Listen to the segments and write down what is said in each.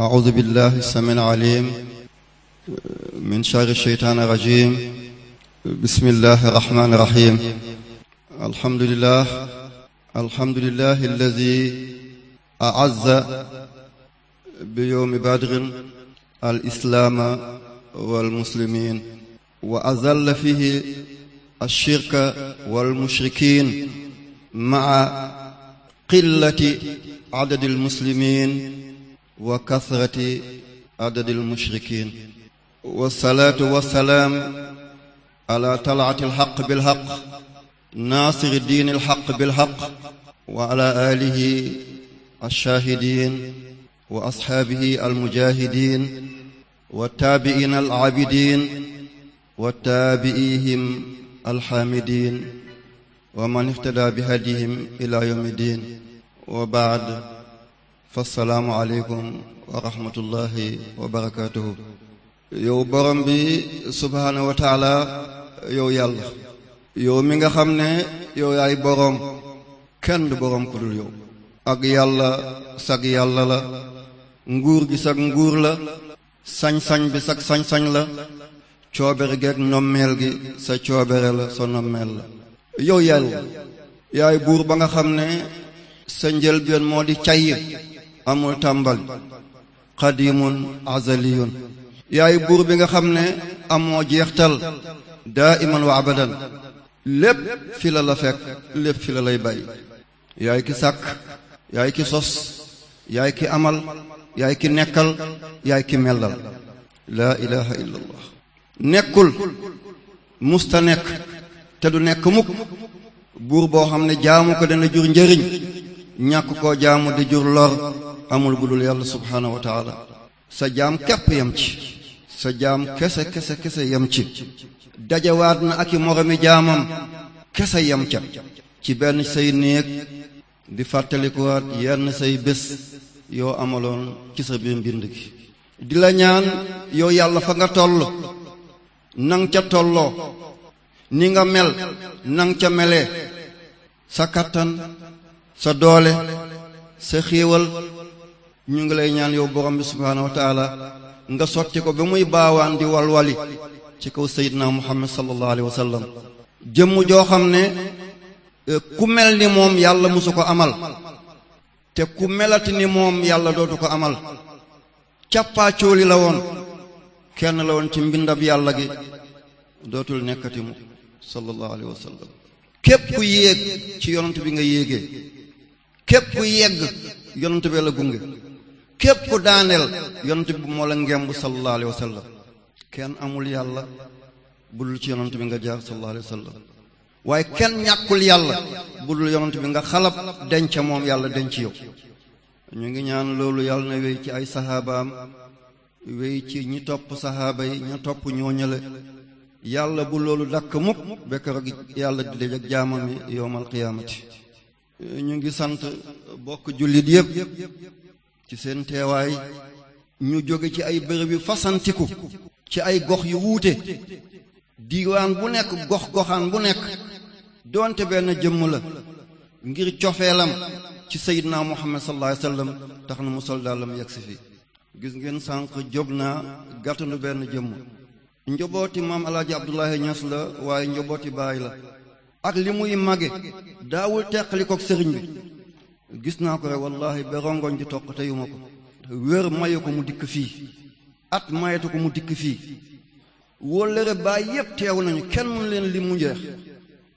أعوذ بالله السميع العليم من شر الشيطان الرجيم بسم الله الرحمن الرحيم الحمد لله الحمد لله الذي أعز بيوم بدر الإسلام والمسلمين وأذل فيه الشرك والمشركين مع قلة عدد المسلمين wa kasrati adadil mushrikiin wassalaatu wassalaam ala talaati alxaq bilxaq naasiri diini alxaq bilxaq wa ala aalihi alshaahidiin wa asxaabihi almujaahidiin wa taabi'iina alaabidiin wa taabi'ihim alxaamidiin wa man ihtadaa bihadihim ilaa yawmi diin wa ba'd fassalaamu aleykum wa rahmatullahi wa barakaatuhu yow borom bi subhaanahu yow yàlla yow mi nga xam ne yow yaay boroom kenn du ku dul yow ak yàlla sag yàlla la nguur gi sag nguur la sañ-sañ bi sag sañ-sañ la coobere geeg nommeel gi sa coobere la sa nommeel la yow yàlla yaay buur ba nga xam ne sa njëlbeen moo di cay amul tàmbal qadimun azaliyun yaay buur bi nga xam ne amoo jeextal daa iman wa abadan lépp fi la la fekk lépp fi la lay bàyyi yaay ki sàkk yaay ki sos yaay ki amal yaay ki nekkal yaay ki mellal laa ilaha illa nekkul musta nekk te du nekk mukk buur boo xam ne jaamu ko dana jur njëriñ ñàkk koo jaamu di jur lor amul gudul yàlla subhaanahu wa taala sa jaam képp yem ci sa jaam kese kese kese yem ci dajawaat na ak i moromi jaamam kese yem ca ci benn say néeg di fàttalikuwaat yenn say bés yoo amaloon ci sa biir mbind gi di la ñaan yow yàlla fa nga toll nang ca tolloo ni nga mel nang ca melee sa kattan sa doole sa xéewal ñu ngi lay ñaan yow borom bi subhaanahu wa nga sotti ko ba muy baawaan di walwali ci kaw sayyidina muhammad sallallahu alayhi wa sallam jëmm joo xam ne eh, ku mel ni moom yàlla musu ko amal te ku melati ni moom yàlla dootu ko amal cappaacooli la woon kenn la woon ci mbindab yàlla gi dootul nekkati mu sallallahu alayhi képp ku yéeg ci yonent bi nga yéegee képp ku yegg yonent bi la gunge képp ku daaneel yonent bi moo la ngemb sallallahu alayhi wa sallam kenn amul yàlla budul ci yonent bi nga jaar sallallahu wa sallam waaye kenn ñàkkul yàlla budul yonent bi nga xalab denc moom yàlla denc yow ñu ngi ñaan loolu yàlla na wéy ci ay saxaabaam wéy ci ñi topp saxaaba yi ña topp ñooñale yàlla bu loolu dakk mukk bekkar ak yàlla di dej ak jaamami yowmal qiyaamati ñu ngi sant bokk jullit yépp ci seen teewaay ñu jóge ci ay bërëb yu fasantiku ci ay gox yu wuute diiwaan bu nekk gox goxaan bu nekk doonte benn jëmm la ngir cofeelam ci sayidna muhammad sallallahu alayhi wasallam tax na mu sol dàllam yegsi fi gis ngeen sànq jóg naa gàttandu benn jëmm njobooti maam alaaji abdullahi ñas la waaye njobooti baay la ak li muy mage daawul teqalikook sëriñ bi gis naa ko rek wallahi ba di toq te yu ma ko wér mayu ko mu dikk fii at mayetu ko mu dikk fii wóllëre baay yépp teew nañu kenn mënu leen li mu njeex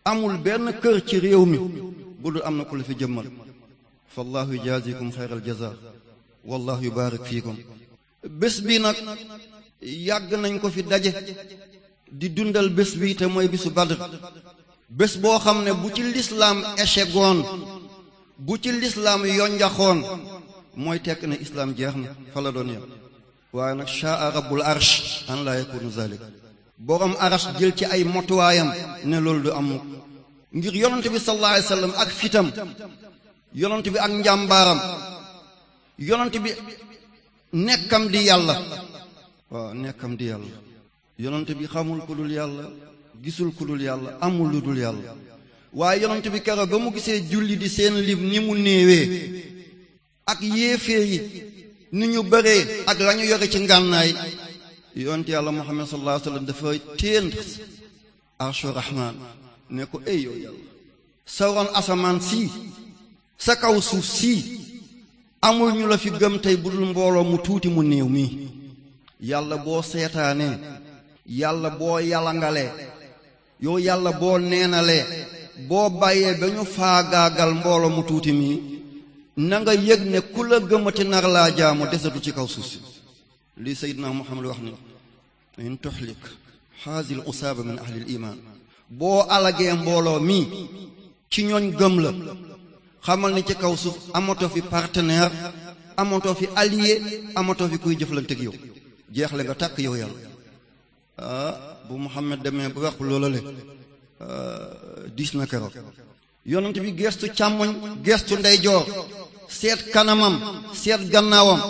amul benn kër ci réew mi bu dul am na ku la fi jëmmal fa allahu yujaazikum xayral jaza wallahu yubaarik fiikum bés bi nag yàgg nañ ko fi daje di dundal bés bi te mooy bisu badr bés boo xam ne bu ci lislaam échegoon bu ci lislaam yonjaxoon mooy tekk na islaam jeex na fa la waaye nag shaa rabbul arsh an laa yakunu zalik boroom arsh jël ci ay motuwaayam ne loolu du am mukk ngir yonent bi ak fitam yonent bi ak njàmbaaram yonent bi nekkam di yàlla bi xamul ku yàlla gisul ku dul yàlla amul lu dul yàlla waaye yonent bi keroog ba mu gisee julli di seen lib ni mu néewee ak yéefee yi ni ñu bëree ak la ñu yore ci ngànnaay yonent yàlla Muhammad sallallahu alayhi wasallam dafa téen arshu rahman ne ko ey yow yàlla sa ron asamaan si sa kaw suuf si amul ñu la fi gëm tey budul mbooloo mu tuuti mu néew mi yàlla boo seetaanee yàlla boo yalangalee yow yàlla boo neenalee boo bàyyee ba ñu faagaagal mbooloo mu tuuti mi nanga nga yëg ne ku la gëmati nar laa jaamu desatu ci kaw suuf si lii Seydina Muhammad wax ni in tuhlik haazil usaaba min ahlil iman boo alagee mbooloo mi ci ñooñ gëm la xamal ni ci kaw suuf amatoo fi partenaire amatoo fi allié amatoo fi kuy jëflante ak yow jeexle nga tàkk yow yàlla ah bu Muhammad demee ba wax loolale ah, diis na keroog yonent bi geestu càmmoñ geestu ndeyjoor seet kanamam seet gannaawam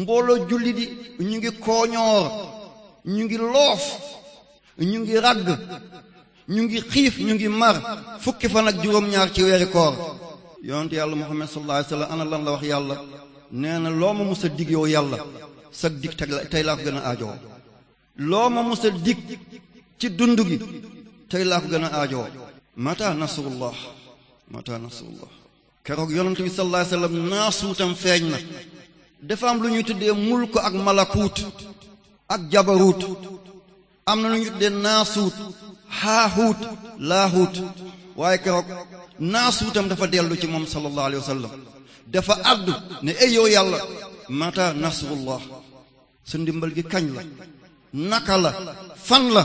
mbooloo julli di ñu ngi kooñoor ñu ngi loof ñu ngi ràgg ñu ngi xiif ñu ngi mar fukki fan ak juróom-ñaar ci weeri koor yonent yàlla muhammad sallallahu alayhi wasallam ana lan la wax yàlla nee na loo ma musa dig yow yàlla sag dig la tey laa ko gën a aajoo loo ma musa dig ci dund gi tey laa ko gën a aajoo mata nasrullah mata nasrullah keroog yonent bi sallallahu alayhi wasallam naasuutam feeñ na dafa am lu ñuy tuddee mulk ak malakuut ak jabaruut am na lu ñuy tuddee naasuut haahuut laahuut waaye keroog naasuutam dafa dellu ci moom sallallahu alayhi wasallam dafa addu ne eyoo yàlla mata nasrullah sa gi kañ la la fan la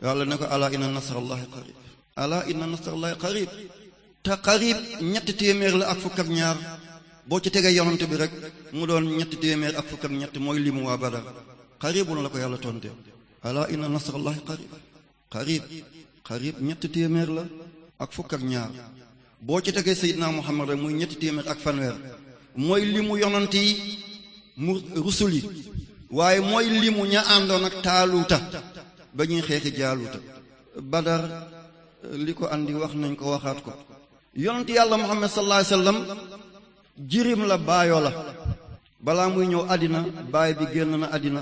yàlla ne ko ala inna nasrallahi qarib ala inna nasrallahi qarib te qarib ñetti téeméer la ak fukk ak ñaar boo ci tegee yonante bi rek mu doon ñetti téeméer ak fukk ak ñett mooy limu waa Badar qaribun la ko yàlla tonte ala inna nasrallahi qarib qarib qarib ñetti téeméer la ak fukk ak ñaar boo ci tegee Seydina Muhammad rek muy ñetti téeméer ak fanweer mooy limu yonante yi mu rusul yi waaye mooy limu ña àndoon ak taaluuta ba ñuy xeexi jaaluuta Badar li ko andi wax nañ ko waxaat ko yonent yàlla muhammad sallallahu alayhi wasallam jirim la baayoo la muy ñëw àddina baay bi génn na àddina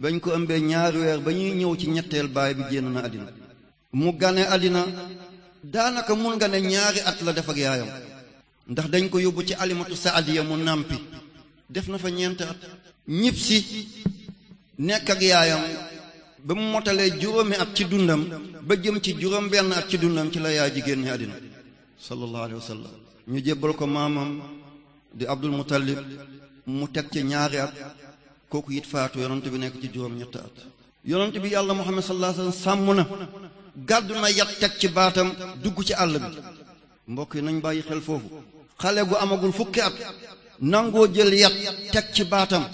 bañ ko ëmbee ñaari weer ba ñuy ñëw ci ñetteel baay bi génn na àddina daanaka mun nga ne ñaari def ak dañ ko yóbbu ci alimatu saadiya mu def na fa ñeenti at ñibbisi nekk ak yaayam ba mu motalee juróomi at ci dundam ba jëm ci juróom benn at ci dundam ci la yaay ji génne àddina sallallahu alayhi wa sallam ñu jébbal ko maamam di Abdul Muttalib mu teg ci ñaari at kooku it faatu yonent bi nekk ci juróom ñett at yonent bi yàlla Muhammad sallallahu alayhi wa sallam sàmm na gàddu na yat teg ci baatam dugg ci àll bi mbokk yi nañ bàyyi xel foofu xale gu amagul fukki at nangoo jël yat teg ci baatam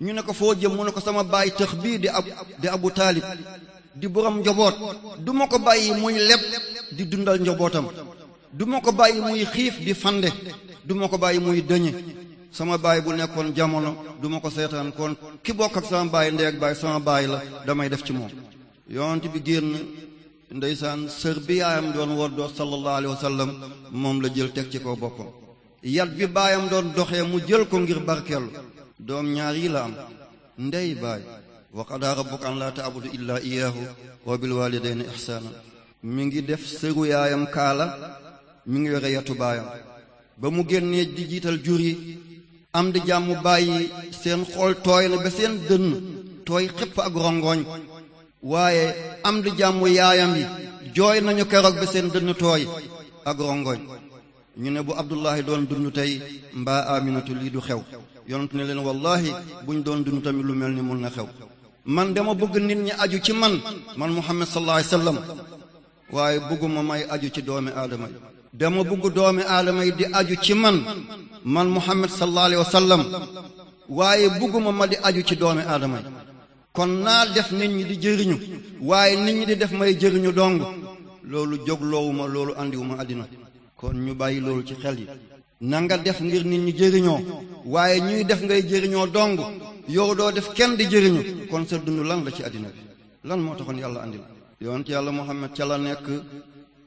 ñu ne ko foo jëm mu ne ko sama baay tëx bii di ab di abu taalib di borom njaboot du ma ko bàyyi muy leb di dundal njabootam du ma ko bàyyi muy xiif di fande du ko bàyyi muy dëñe sama baay bu nekkoon jamono duma ko seetaan kon ki bokk ak sama baay ndey ak baay sama baay la damay def ci moom yonent bi génn ndeysaan sër bi yaayam doon woddoo sallallahu alayhi wa sallam moom la jël teg ci kaw boppam yat bi baayam doon doxee mu jël ko ngir barkeelu doom ñaar la am ndey baay wa qadaa rabbuka laa ta'budu illaa iyyaahu wa bil waalidayni ihsaana mi ngi def sëru yaayam kaala mi ngi yore yetu baayam ba mu génnee di jiital jur yi am di jàmm bàyyi seen xool tooy na ba seen dënn tooy xëpp ak rongoñ waaye am di jàmm yaayam bi jooy nañu keroog ba seen dënn tooy ak rongoñ ñu ne bu Abdullahi doon dund tey mbaa Aminatu lii du xew yonent ne leen bu ñu doon dund tamit lu mel ni mun na xew man dama bëgg nit ñi aju ci man man muhammad sallallahu alayhi wasallam waaye bëgguma may aju ci doomi aadama yi dama bëgg doomi aadama yi di aju ci man man muhammad sallallahu alayhi wasallam waaye bëgguma ma di aju ci doomi aadama yi kon naa def nit ñi di jëriñu waaye nit ñi di def may jëriñu dong loolu jógloowuma loolu andiwuma àddina kon ñu bàyyi loolu ci xel yi na nga def ngir nit ñi jériñoo waaye ñuy def ngay jëriñoo dong yow doo def kenn di jëriñu kon sa dund lan la ci àddina bi lan moo taxoon yàlla àndina andil yonent yàlla Muhammad ca la nekk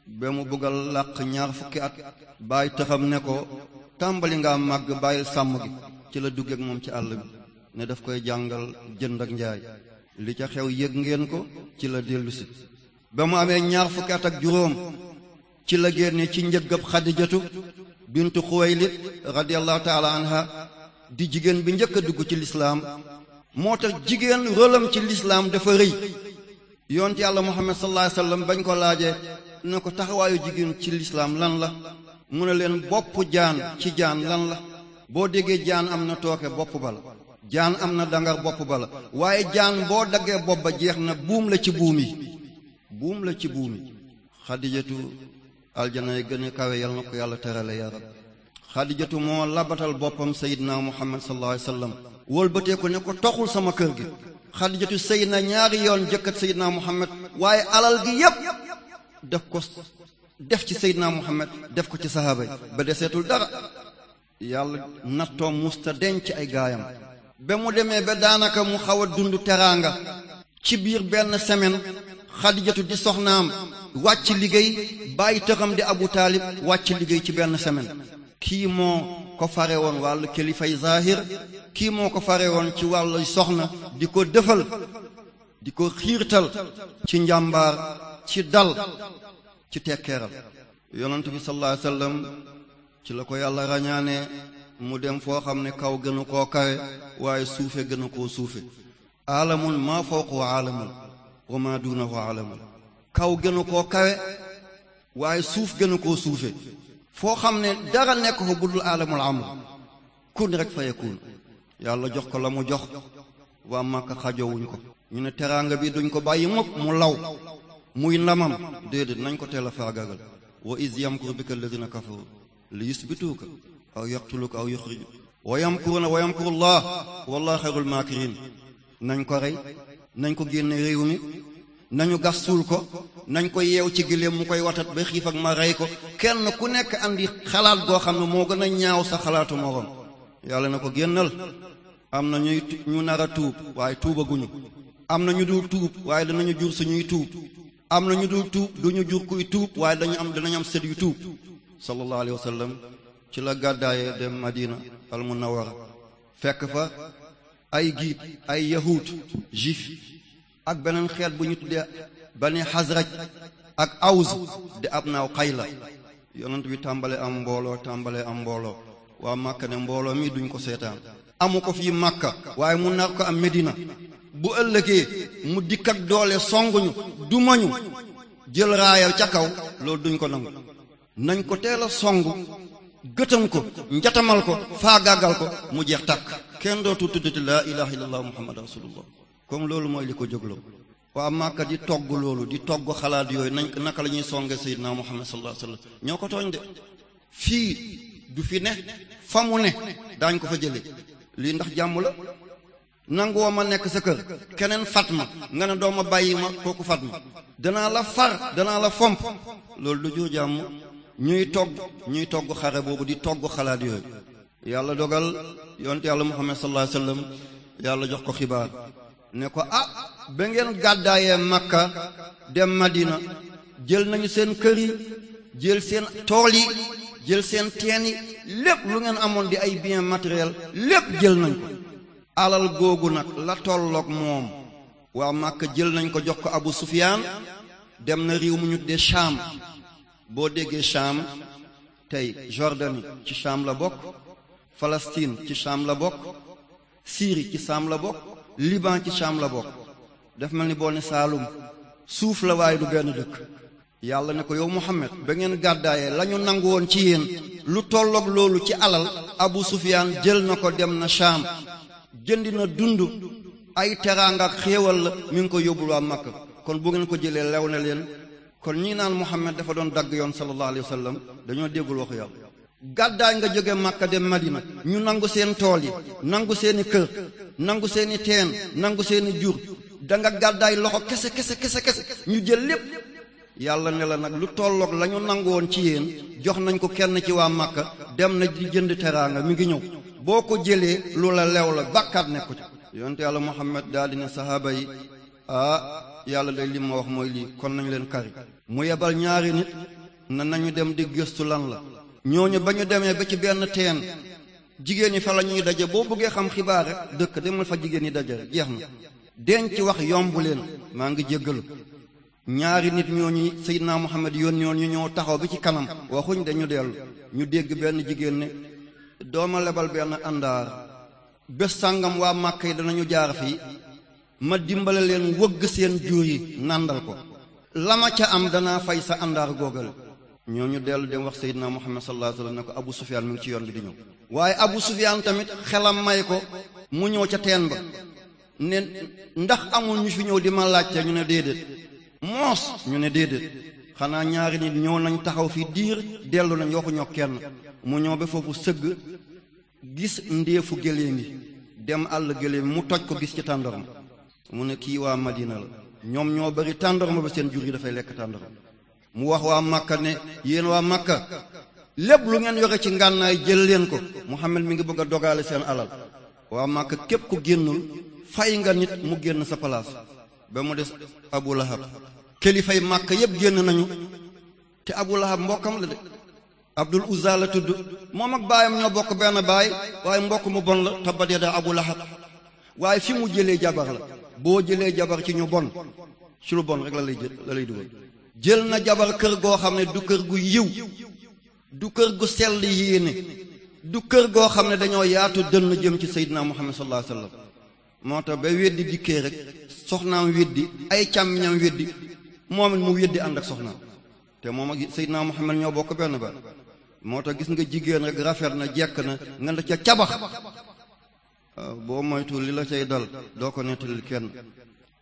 ba mu bëgg a làq ñaar fukki at bàyyi taxam ne ko tàmbali ngaa màgg bàyyil sàmm gi ci la duggeek moom ci àll bi ne daf koy jàngal jënd ak njaay li ca xew yëg ngeen ko ci la dellusi ba mu amee ñaar fukki at ak juróom ci la génne ci njëggab xadijatu bintu Xuwaylid radiyallahu taala anha di jigéen bi njëkk a dugg ci lislaam moo tax jigéen rëlam ci lislaam dafa rëy yonent yàlla Muhammad sallallahu alayhi wasallam bañ ko laajee ne ko taxawaayu jigéen ci lislaam lan la mu ne leen bopp jaan ci jaan lan la boo déggee jaan am na tooke bopp ba la jaan am na dangar bopp ba la waaye jaan boo daggee bopp ba jeex na buum la ci buum yi buum la ci buum yi xadijatu aljana yi a kawe yal na ko yàlla terale ya rab xadijatu moo labatal boppam sayidna muhammad sallallahu alayhi wa sallam ko ne ko toxul sama kër gi xadijatu sëy na ñaari yoon jëkkat sayidna muhammad waaye alal gi yépp def ko def ci sayidna muhammad def ko ci sahaaba yi ba deseetul dara yàlla nattoom musta denc ay gaayam ba mu demee ba daanaka mu xaw dund teraanga ci biir benn semaine xadijatu di soxnaam wàcc liggéey bàyyi tëram di abu taalib wàcc liggéey ci benn semaine kii moo ko fare woon wàll kilifay zahir kii moo ko fare woon ci wàllu soxna di ko dëfal di ko xiirtal ci njàmbaar ci dal ci tekkeeral yonent bi sallallahu alayhi wasallam ci la ko yàlla ràññaane mu dem foo xam ne kaw gënu koo kawe waaye suufe gënu koo suufe aalamun maa fawqu aalamun wa maa duunahu aalamun kaw gënu koo kawe waaye suuf gënu koo suufe foo xam ne dara nekk fa budul aalamul amr kun rek fa yakun yàlla jox ko la mu jox waa Màkka xajowuñ ko ñu ne teraanga bi duñ ko bàyyi mukk mu law muy ndamam déedéet nañ ko teel a faagagal wa iz yamkuru bika alladina kafaru li yusbituuka aw yaqtuluuka aw yuxriju wa yamkuruuna wa yamkurullah wallahu xayrul maakirin nañ ko rey nañ ko génne réew mi nañu gas suul ko nañ ko yeew ci giléem mu koy watat ba xiif ak ma rey ko kenn ku nekk andi xalaat goo xam ne moo gën a ñaaw sa xalaatu moroom yàlla na ko génnal am na ñuy ñu nar a tuub waaye tuubaguñu am na ñu dul tuub waaye danañu jur suñuy tuub am na ñu dul tuub duñu jur kuy tuub waaye dañu am danañ am sët yu tuub sallallahu alayhi wa sallam ci la gàddaaye dem Madina al munawwara fekk fa ay giib ay yahuud juif ak beneen xeet bu ñu tuddee bani xasraj ak aws di ab naaw xayla la yonent bi tàmbale am mbooloo tàmbale am mbooloo waa màkka ne mbooloo mi duñ ko seetaan amu ko fii màkka waaye mu nar ko am medina bu ëllëgee mu dikk ak doole songuñu dumañu jël raaya ca kaw loolu duñ ko nangu nañ ko teel a songu gëtam ko njatamal ko faagaagal ko mu jeex tàkk kenn dootu tuddati laa ilaha illallah muhammad rasulullah comme loolu mooy li ko jóglo waa Màkka di togg loolu di togg xalaat yooyu nañ naka la ñuy songe Seydina Muhammad sallallahu alayhi wasallam ñoo ko tooñ de fii du fi ne fa mu ne daañ ko fa jële ndax jàmm la ma nekk sa kër keneen fat ma nga ne doo ma bàyyi ma kooku fat ma danaa la far danaa la fomp loolu du jur jàmm ñuy togg ñuy togg xare boobu di togg xalaat yooyu yàlla dogal yonte yàlla Muhammad sallallahu alayhi yàlla jox ko xibaar ne ko ah ba ngeen gàddaayee makka dem madina jël nañu seen kër jël seen tool yi jël seen teen lépp lu ngeen amoon di ay bien matériel lépp jël nañ ko alal googu nag la tolloog moom waa makka jël nañ ko jox ko abu sufiyaan dem na réew mu ñu dee Sham boo déggee Sham tey Jordanie ci Sham la bokk Palestine ci Sham la bokk Syrie ci Sham la bokk liban ci Sham la bokk def mel ni boo ne saalum suuf la waaye du benn dëkk yàlla ne ko yow Muhammad ba ngeen gàddaayee la ñu nangu woon ci yéen lu tolloog loolu ci alal Abu Sufyaan jël na ko dem na Sham jëndi na dund ay teraanga ak xéewal la mu ngi ko yóbbul waa Makka kon bu ngeen ko jëlee lew na leen kon ñi naan Muhammad dafa doon dagg yoon sallallahu alayhi wa sallam dañoo déggul waxu yàlla gàddaay nga jóge Makka dem Madina ñu nangu seen tool yi nangu seeni kër nangu seeni teen nangu seen jur da nga gàddaay loxo kese kese kese kese ñu jël lépp yàlla ne la nag lu tollook la ñu nangu woon ci yéen jox nañ ko kenn ci waa Makka dem na di jënd teraanga mi ngi ñëw boo ko jëlee lu la lew la bàkkaat nekku ci yonte yàlla Muhammad daal ne sahaaba yi ah yàlla day li ma wax mooy lii kon nañ leen kari mu yebal ñaari nit na nañu dem di gëstu lan la ñooñu ba ñu demee ba ci benn teen jigéen ñi fa la ñuy daje boo bëggee xam xibaar dëkk demal fa jigéen ñi daje jeex na denc wax yomb leen maa ngi jéggalu ñaari nit ñooñu naa Muhammad yoon ñooñu ñoo taxaw bi ci kanam waxuñ dañu dellu ñu dégg benn jigéen ne dooma lebal benn àndaar bés sàngam waa màkk yi danañu jaar fii ma dimbale leen wëgg seen jur yi nàndal ko la ma ca am danaa fay sa àndaar googal ñoo ñu dellu dem wax Seydina Muhammad sallallahu alayhi wasallam ne ko Abu Sufyan mu ngi ci yoon bi di ñëw waaye Abu Sufyan tamit xelam may ko mu ñëw ca teen ba ne ndax amul ñu fi ñëw di ma laajte ñu ne déedéet moos ñu ne déedéet xanaa ñaari nit ñëw nañ taxaw fi diir dellu nañ waxuñoo kenn mu ñëw ba foofu sëgg gis ndeefu gëléem yi dem àll gëléem mu toj ko gis ci tàndarma mu ne kii waa Madina la ñoom ñoo bari tàndarma ba seen jur yi dafay lekk tàndarma mu wax waa Makka ne yéen waa Makka lépp lu ngeen yore ci ngànnaay jël leen ko Muhammad mi ngi bëgg a dogaale seen alal waa Makka képp ku génnul fay nga nit mu génn sa place ba mu des Abu Lahab kilifay Makka yépp génn nañu te Abu Lahab mbokkam la de Abdul Uzza la tudd moom ak baayam ñoo bokk benn baay waaye mbokk mu bon la tabbat yadaa Abu Lahab waaye fi mu jëlee jabar la boo jëlee jabar ci ñu bon ci lu bon rek la lay jël la lay dugal jël na jabar kër goo xam ne du kër gu yiw du kër gu sell yéene du kër goo xam ne dañoo yaatu dënn jëm ci seydinaa muhammad sallallahu alayhi wasallam moo tax ba weddi dikkee rek soxnaam weddi ay càmmiñam weddi moom it mu weddi ànd ak soxnaam te moom ak seydinaa muhammad ñoo bokk benn ba moo tax gis nga jigéen rek rafet na jekk na nga la ca cabax boo moytu li la cay dal doo ko nettali kenn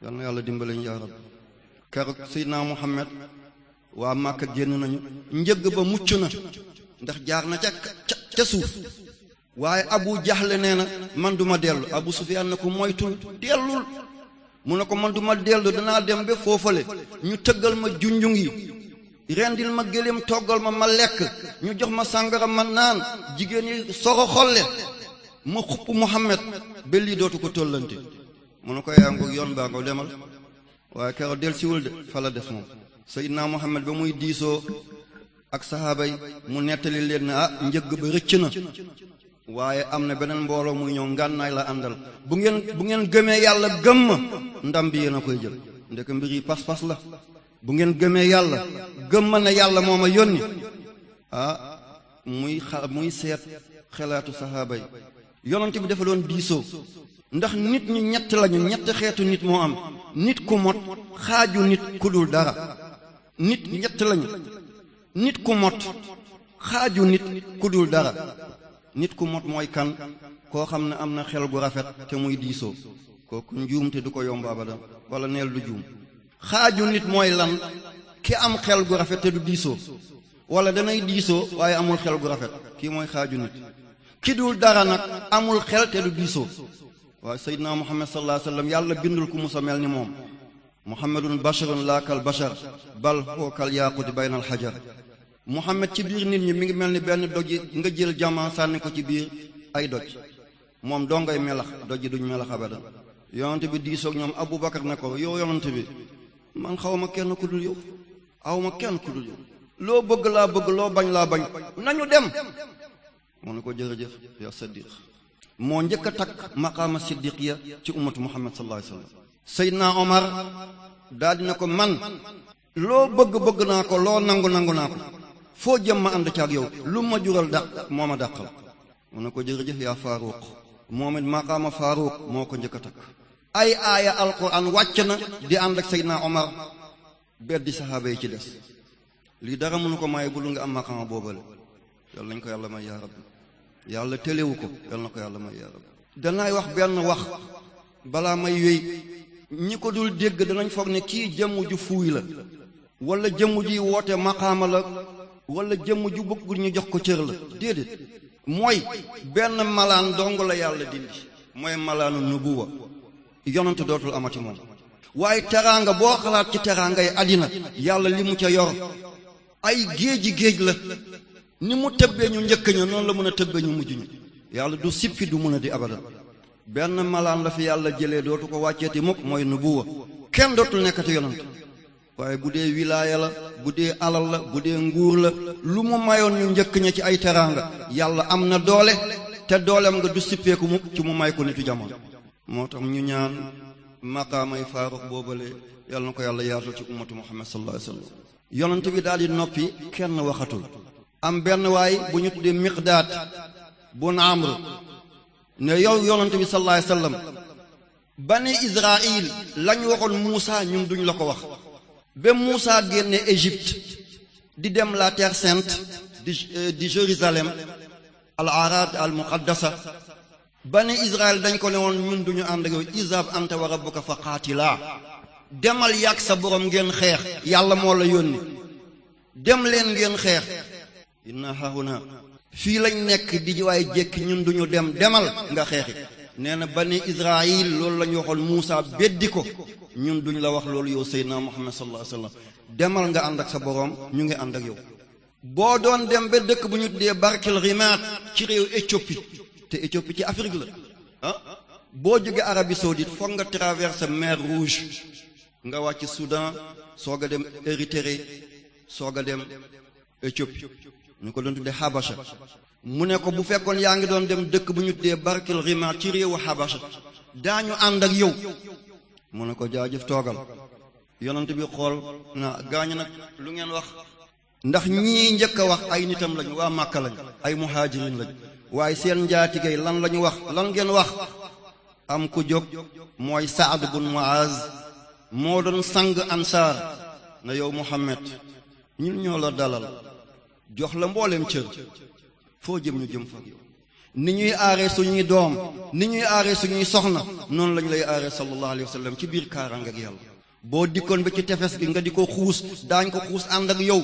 yal yàlla dimbali ñu keroog Seydina Muhammad waa Màkka génn nañu njëgg ba mucc na ndax jaar na ca ca suuf waaye Abu Jahl nee na man duma dellu Abu Sufyaan na ko moytul dellul mu ne ko man duma dellu danaa dem ba foofale ñu tëggal ma junjung yi rendil ma gëléem toggal ma ma lekk ñu jox ma sàngara ma naan jigéen yi soro xolle ma xupp Muhammad ba lii dootu ko tollante mu ne ko yaa ngoog yoon baa ngoog demal waaye keroog del siwul de fa la des moom Seydina Muhammad ba muy diisoo ak saxaaba yi mu nettali leen ne ah njëgg ba rëcc na waaye am na beneen mbooloo muy ñëw ngànnaay la àndal bu ngeen bu ngeen gëmee yàlla gëm ndam bi yéen a koy jël ndeke mbir yi pas-pas la bu ngeen gëmee yàlla gëm na yàlla moo ma yónni ah muy xa muy seet xelaatu saxaaba yi bi dafa doon diisoo ndax nit ñi ñett lañu ñett xeetu nit moo am nit ku mot xaaju nit ku dul dara nit ñett lañu nit ku mot xaaju nit ku dul dara nit ku mot mooy kan koo xam ne am na xel gu rafet te muy diisoo kooku njuum te du ko yomb abada wala neel du juum xaaju nit mooy lan ki am xel gu rafet te du diisoo wala danay diisoo waaye amul xel gu rafet kii mooy xaaju nit ki dul dara nag amul xel te du diisoo waaye seydinaa muhammad sallallahu alayhi wasallam yàlla bindul ku musa mel ni moom muhammadun basharun laa kal bashar bal huwa kal yaquti baynal hajar muhammad ci biir nit ñi mi ngi mel ni benn doj nga jël jamaa sànni ko ci biir ay doj moom doo ngay melax doj yi duñ melax abadan yonante bi diisoog ñoom abu bakar ne ko yow yonante bi man xaw ma kenn ku dul yow ma kenn ku dul loo bëgg laa bëgg loo bañ laa bañ nañu dem mu ne ko jërëjëf yaa saddiq moo njëkk a takk maqaama siddiqiya ci ummatu muhammad sallallahu alayhi wasallam seydina omar daal dina ko man loo bëgg bëgg naa ko loo nangu nangu naa ko foo jëm ma ànd caag yow lu ma jural dàq moo ma dàqal mu ne ko jërëjëf yaa faaruuq moom it faaruuq moo ko njëkk a takk ay aaya alquran wàcc na di ànd ak seydina omar beddi saxaaba yi ci des lii dara mënu ko maye bu lu nga am maqaama boobale yàlla nañ ko yàlla may yaa rabbi yàlla téléwu ko yal na yàlla may yaa wax benn wax balaa may wéy ñi ko dul dégg danañ foog ni kii jëmm ju fuuy la wala jëmm ji woote maqaama la wala jëmm ju bëgg ñu jox ko cër la déedéet mooy benn malaan dong la yàlla dindi mooy malaanu nubuwa yonent dootul amati moom waaye teraanga boo xalaat ci teraangay àddina yàlla li mu ca yor ay géeji géej la ni mu tëbbee ñu njëkk ña noonu la mën a tëbbee ñu mujj ñu yàlla du sippi du mën a di abadan benn malaan la fi yàlla jëlee dootu ko wàcceeti mukk mooy nubuwa kenn dootul nekkati yonant waaye bu dee wilaaya la bu dee alal la bu dee nguur la lu mu mayoon ñu njëkk ña ci ay teraanga yàlla am na doole te dooleem nga du sippeeku mukk ci mu may ko nitu jamono moo tax ñu ñaan maqaamay faaruq boobale yàlla na ko yàlla yaatal ci ummatu muhammad sallallahu alayhi wasallam yonent bi daal di noppi kenn waxatul am benn waay bu ñu tuddee miqdaat bun amr ne yow yonante bi sallallahu alayhi wasallam bani israil lañ waxoon Muusa ñun duñ la ko wax ba Muusa génne Égypte di dem la terre sainte di euh, di Jérusalem al arad al muqaddasa bani israil dañ ko ne woon ñun duñu ànd ak yow izab anta fa qaatila demal yàgg sa borom ngeen xeex yàlla moo la yónni dem ngeen xeex inna hahuna fii lañ nekk di waaye jékki ñun duñu dem demal nga xeexi nee na bani israil loolu lañ waxoon Muusa beddi ko ñun duñu la wax loolu yow Seydina Muhammad sallallahu alayhi wasallam demal nga ànd ak sa boroom ñu ngi ànd ak yow boo doon dem ba dëkk bu ñu tuddee barkil rimaat ci réew Éthiopie te Éthiopie ci Afrique la ah boo jógee Arabie saoudite foog nga traverser mer Rouge nga wàcc Soudan soog a dem Érythrée soog a dem Éthiopie ñu ko doon tuddee Habasha mu ne ko bu fekkoon yaa ngi doon dem dëkk bu ñu tuddee barkil rima ci réewu Habasha daañu ànd ak yow mu ne ko jaajëf toogal yonent bi xool na gaañ nag lu ngeen wax ndax ñii njëkk a wax ay nitam lañu waa Màkka lañu ay muhajirin lañu waaye seen njaatigéey lan lañu wax lan ngeen wax am ku jóg mooy Saad bun Muaz moo doon sang ansaar na yow Muhammad ñun ñoo la dalal jox la mbooleem cër foo jëm ñu jëm fa ni ñuy aaree suñuy doom ni ñuy aaree suñuy soxna noonu lañu lay aaree sallallahu alayhi wa sallam ci biir kaaraange ak yàlla boo dikkoon ba ci tefes gi nga di ko xuus daañ ko xuus ànd ak yow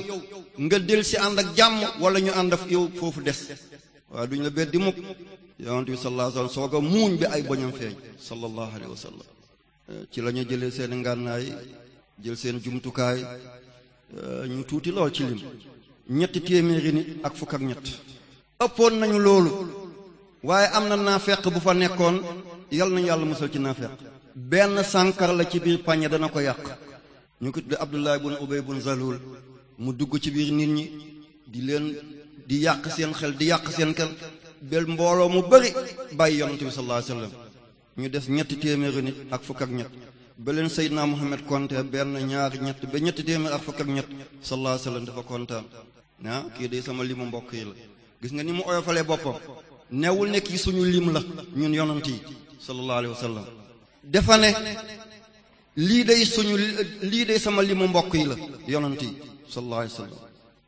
nga del si ànd ak jàmm wala ñu ànd ak yow foofu des waaye duñu la beddi mukk yonent bi sallallahu alayhi wa sallam soog a muuñ bi ay boñam feeñ sallallahu alayhi wa sallam ci la ñu jëlee seen ngànnaay jël seen jumtukaay ñu tuuti lool ci lim ñetti téeméeri nit ak fukk ak ñett ëppoon nañu loolu waaye am na naafeq bu fa nekkoon yal na yàlla musal ci naafeq benn sànkar la ci biir pañe dana ko yàq ñu ko tudde Abdullah bun Ubay bun Zalul mu dugg ci biir nit ñi di leen di yàq seen xel di yàq seen xel bel mbooloo mu bari bàyyi yonent bi sallallahu alayhi wasallam ñu des ñetti téeméeri nit ak fukk ak ñett ba leen Seydina Muhammad konte benn ñaari ñett ba ñetti téeméer ak fukk ak ñett sallallahu alayhi wasallam dafa kontaan ah kii de sama limu mbokk yi la gis nga ni mu oyofalee boppam newul ne kii suñu lim la ñun yonent yi sallallahu alayhi wa sallam ne lii day suñu lii day sama limu mbokk yi la yonent yi sallallahu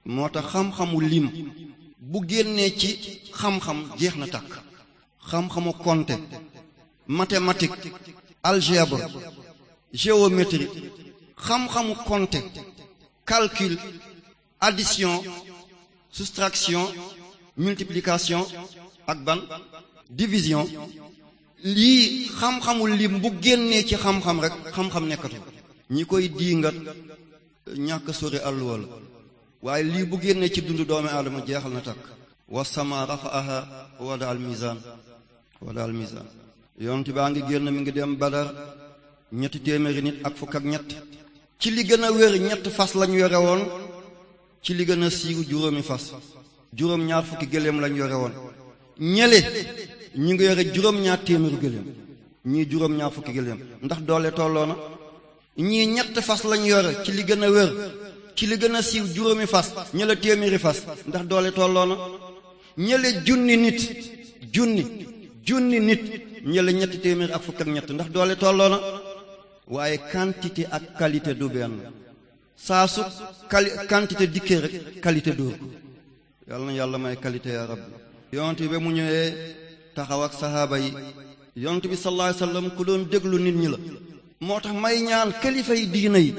moo tax xam-xamu lim bu génnee ci xam-xam jeex na tàkk xam-xamu compte mathématique algèbre géométrie xam-xamu compte calcul addition soustraction multiplication ak ban division lii xam-xamul lim bu génnee ci xam-xam rek xam-xam nekkatu ñi koy diingat ñàkk sori àlluwa la waaye lii bu génnee ci dundu doomi aadama jeexal na takk wa sama rafaaha wada al mizan wada al mizan yonent baa ngi génn mi ngi dem badar ñetti téeméeri nit ak fukk ak ñett ci li gën a wér ñett fas lañu yore woon ci li gën a siiw juróomi fas juróom ñaar fukki gëléem lañu yore woon ñële ñu ngi yore juróom ñaar téeméeri gëléem ñii juróom ñaar fukki gëléem ndax doole tolloo na ñii ñett fas lañ yore ci li gën a wér ci li gën a siiw juróomi fas ñële téeméeri fas ndax doole tolloo na ñële junni nit junni junni nit ñële ñetti téeméeri ak fukk ak ñett ndax doole tolloo na waaye quantité ak qualité du benn saa su quali quantité dikkee rek qualité dóor ko yàlla na yàlla may qualité ya rabbi yonent bi ba mu ñëwee taxaw ak sahaaba yi yonent bi sallallahu alayhi wasallam ku doon déglu nit ñi la moo tax may ñaan kilifa yi diina yi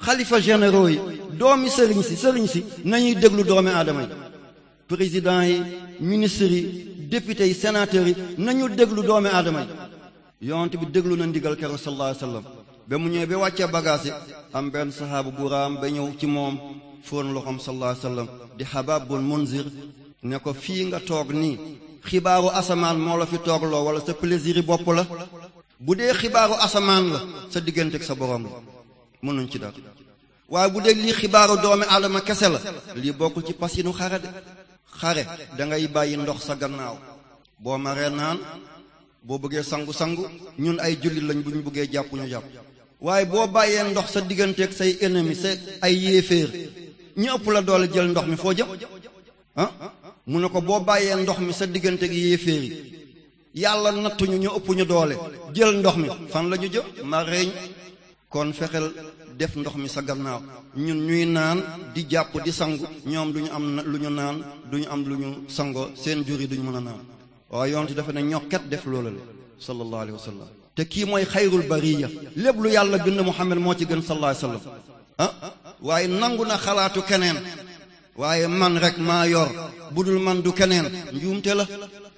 xalifa généraux yi doomi sëriñ si sëriñ si nañuy déglu doomi aadama yi président yi ministres yi députés yi sénateurs yi nañu déglu doomi aadama yi yonent bi déglu na ndigal keroog sallallahu alayhi wasallam ba mu ñëwee ba wàccee bagaas yi am benn saxaabu bu raam ba ñëw ci moom fóon loxoom sallallahu alayhi wasallam di Habaab bun Munzir ne ko fii nga toog nii xibaaru asamaan moo la fi toog loo wala sa plaisir yi bopp la bu dee xibaaru asamaan la sa diggante ak sa borom la mënuñ ci dara waaye bu dee lii xibaaru doomi aadama kese la lii bokkul ci pas yi nu xare de xare da ngay bàyyi ndox sa gannaaw boo maree naan boo bëggee sangu-sangu ñun ay jullit lañ bu ñu bëggee jàppu ñu jàpp waaye boo bàyyee ndox sa diggante ak say ennemi sa ay yéeféer ñu ëpp la doole jël ndox mi foo jëm ah mu ne ko boo bàyyee ndox mi sa digganteeg yéeféer yi yàlla nattuñu ñu ëpp ñu doole jël ndox mi fan la ñu jëm ma kon fexeel def ndox mi sa gannaaw ñun ñuy naan di jàpp di sangu ñoom du ñu am lu ñu naan du ñu am lu ñu sangoo seen jur yi duñu mën a naan waaye yoon ci dafa ne ñokket def loola la sallallahu alayhi wa sallam te kii mooy xayrul bariya lépp lu yàlla bind Muhammad moo ci gën sallallahu alayhi wasallam ah, waaye nangu na xalaatu keneen waaye man rek maa yor dul man du keneen njuumte la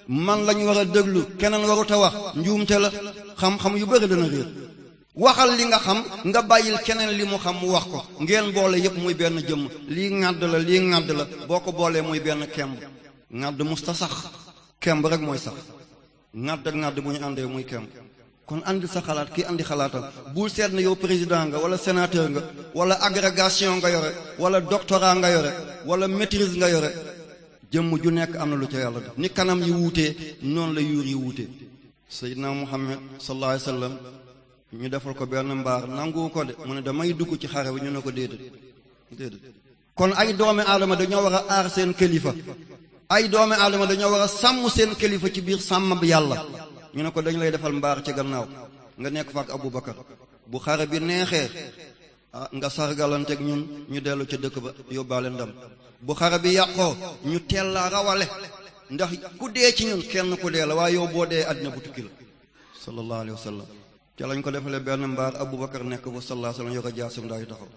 man lañu war a déglu keneen warut a wax njuumte la xam-xam yu bëri dana réer waxal li nga xam nga bàyyil keneen li mu xam mu wax ko ngeen boole yëpp muy benn jëmm lii ŋàdd la lii ŋàdd la boo ko boolee muy benn kemb ŋàdd sa sax kemb rek mooy sax ŋàdd ak ŋàdd bu ñu àndee muy kemb kon andi sa xalaat kii andi xalaatam bul seet na yow président nga wala sénateur nga wala agrégation nga yore wala doctorat nga yore wala maîtrise nga yore jëmm ju nekk am na lu ca yàlla def ni kanam yi wuutee noonu la yuur yi wuutee seydina muhammad sallallahu alayhi wasallam ñu defal ko benn mbaar nangu ko de mu ne damay dugg ci xare bi ñu ne ko déedéet déedéet kon ay doomi aadama dañoo war a aar seen kilifa ay doomi aadama dañoo war a sàmm seen kilifa ci biir sàmm bi yàlla ñu ne ko dañu lay defal mbaar ci gannaaw nga nekk fa ak Abu Bakar bu xare bi neexee ah nga sargalanteeg ñun ñu dellu ca dëkk ba yóbbaale ndam bu xare bi yàqoo ñu teel laa rawale ndax ku dee ci ñun kenn ku dee la waaye yow boo dee àddina bu tukki la sallallahu alayhi wa sallam ca lañ ko defalee benn mbaar Abu Bakar nekk fa sallallahu alayhi wa sallam yo ko jaasam daay taxaw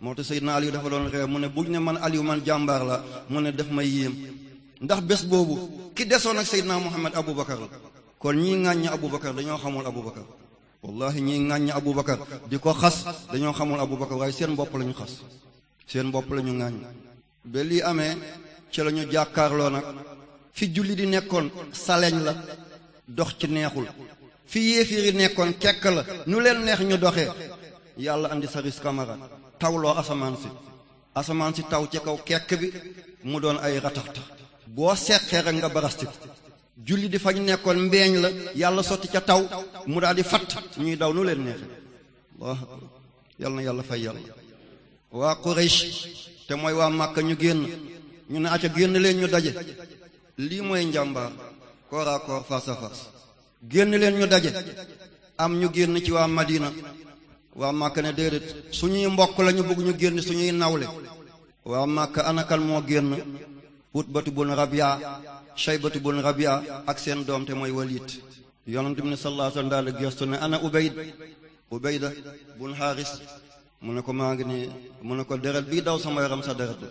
moo tax Seydina Aliou dafa doon ree mu ne buñ ne man Aliou man jàmbaar la mu ne def may yéem ndax bés boobu ki desoon ak Seydina Muhammad Abu Bakar la kon ñii ŋàññ Aboubacar dañoo xamoon Aboubacar wallahi ñii ŋàññ Aboubacar di ko xas dañoo xamoon Aboubacar waaye seen bopp la ñu xas seen bopp la ñu ŋàññ ba lii amee ci lañu jàkkaarloo nag fi julli di nekkoon saleñ la dox ci neexul fi yéefiri nekkoon kekk la nu leen neex ñu doxe yàlla indi Cyrus Camara tawloo asamaan si asamaan si taw ci kaw kekk bi mu doon ay rataxta boo seqee rek nga barastik julli di fañ nekkoon mbeeñ la yàlla sotti ca taw mu daal di fatt ñuy daw nu leen neexe allah yàlla na yàlla fay yàlla waa Quraysh te mooy waa Màkka ñu génn ñu ne aca génn leen ñu daje lii mooy njàmbaar corps à génn leen ñu daje am ñu génn ci waa Madina waa Màkka ne déedéet suñuy mbokk la ñu ñu génn suñuy nawle waa Màkka anakan moo génn utbatu bun rabia shaybatu bun rabia ak seen doom te mooy walid yonent bi ne sallallahu alayhi wa sallam daal di gestu ne ana ubayd ubayda bun xaaris mu ne ko maa ngi nii mu deret bii daw sama yaram sa deret la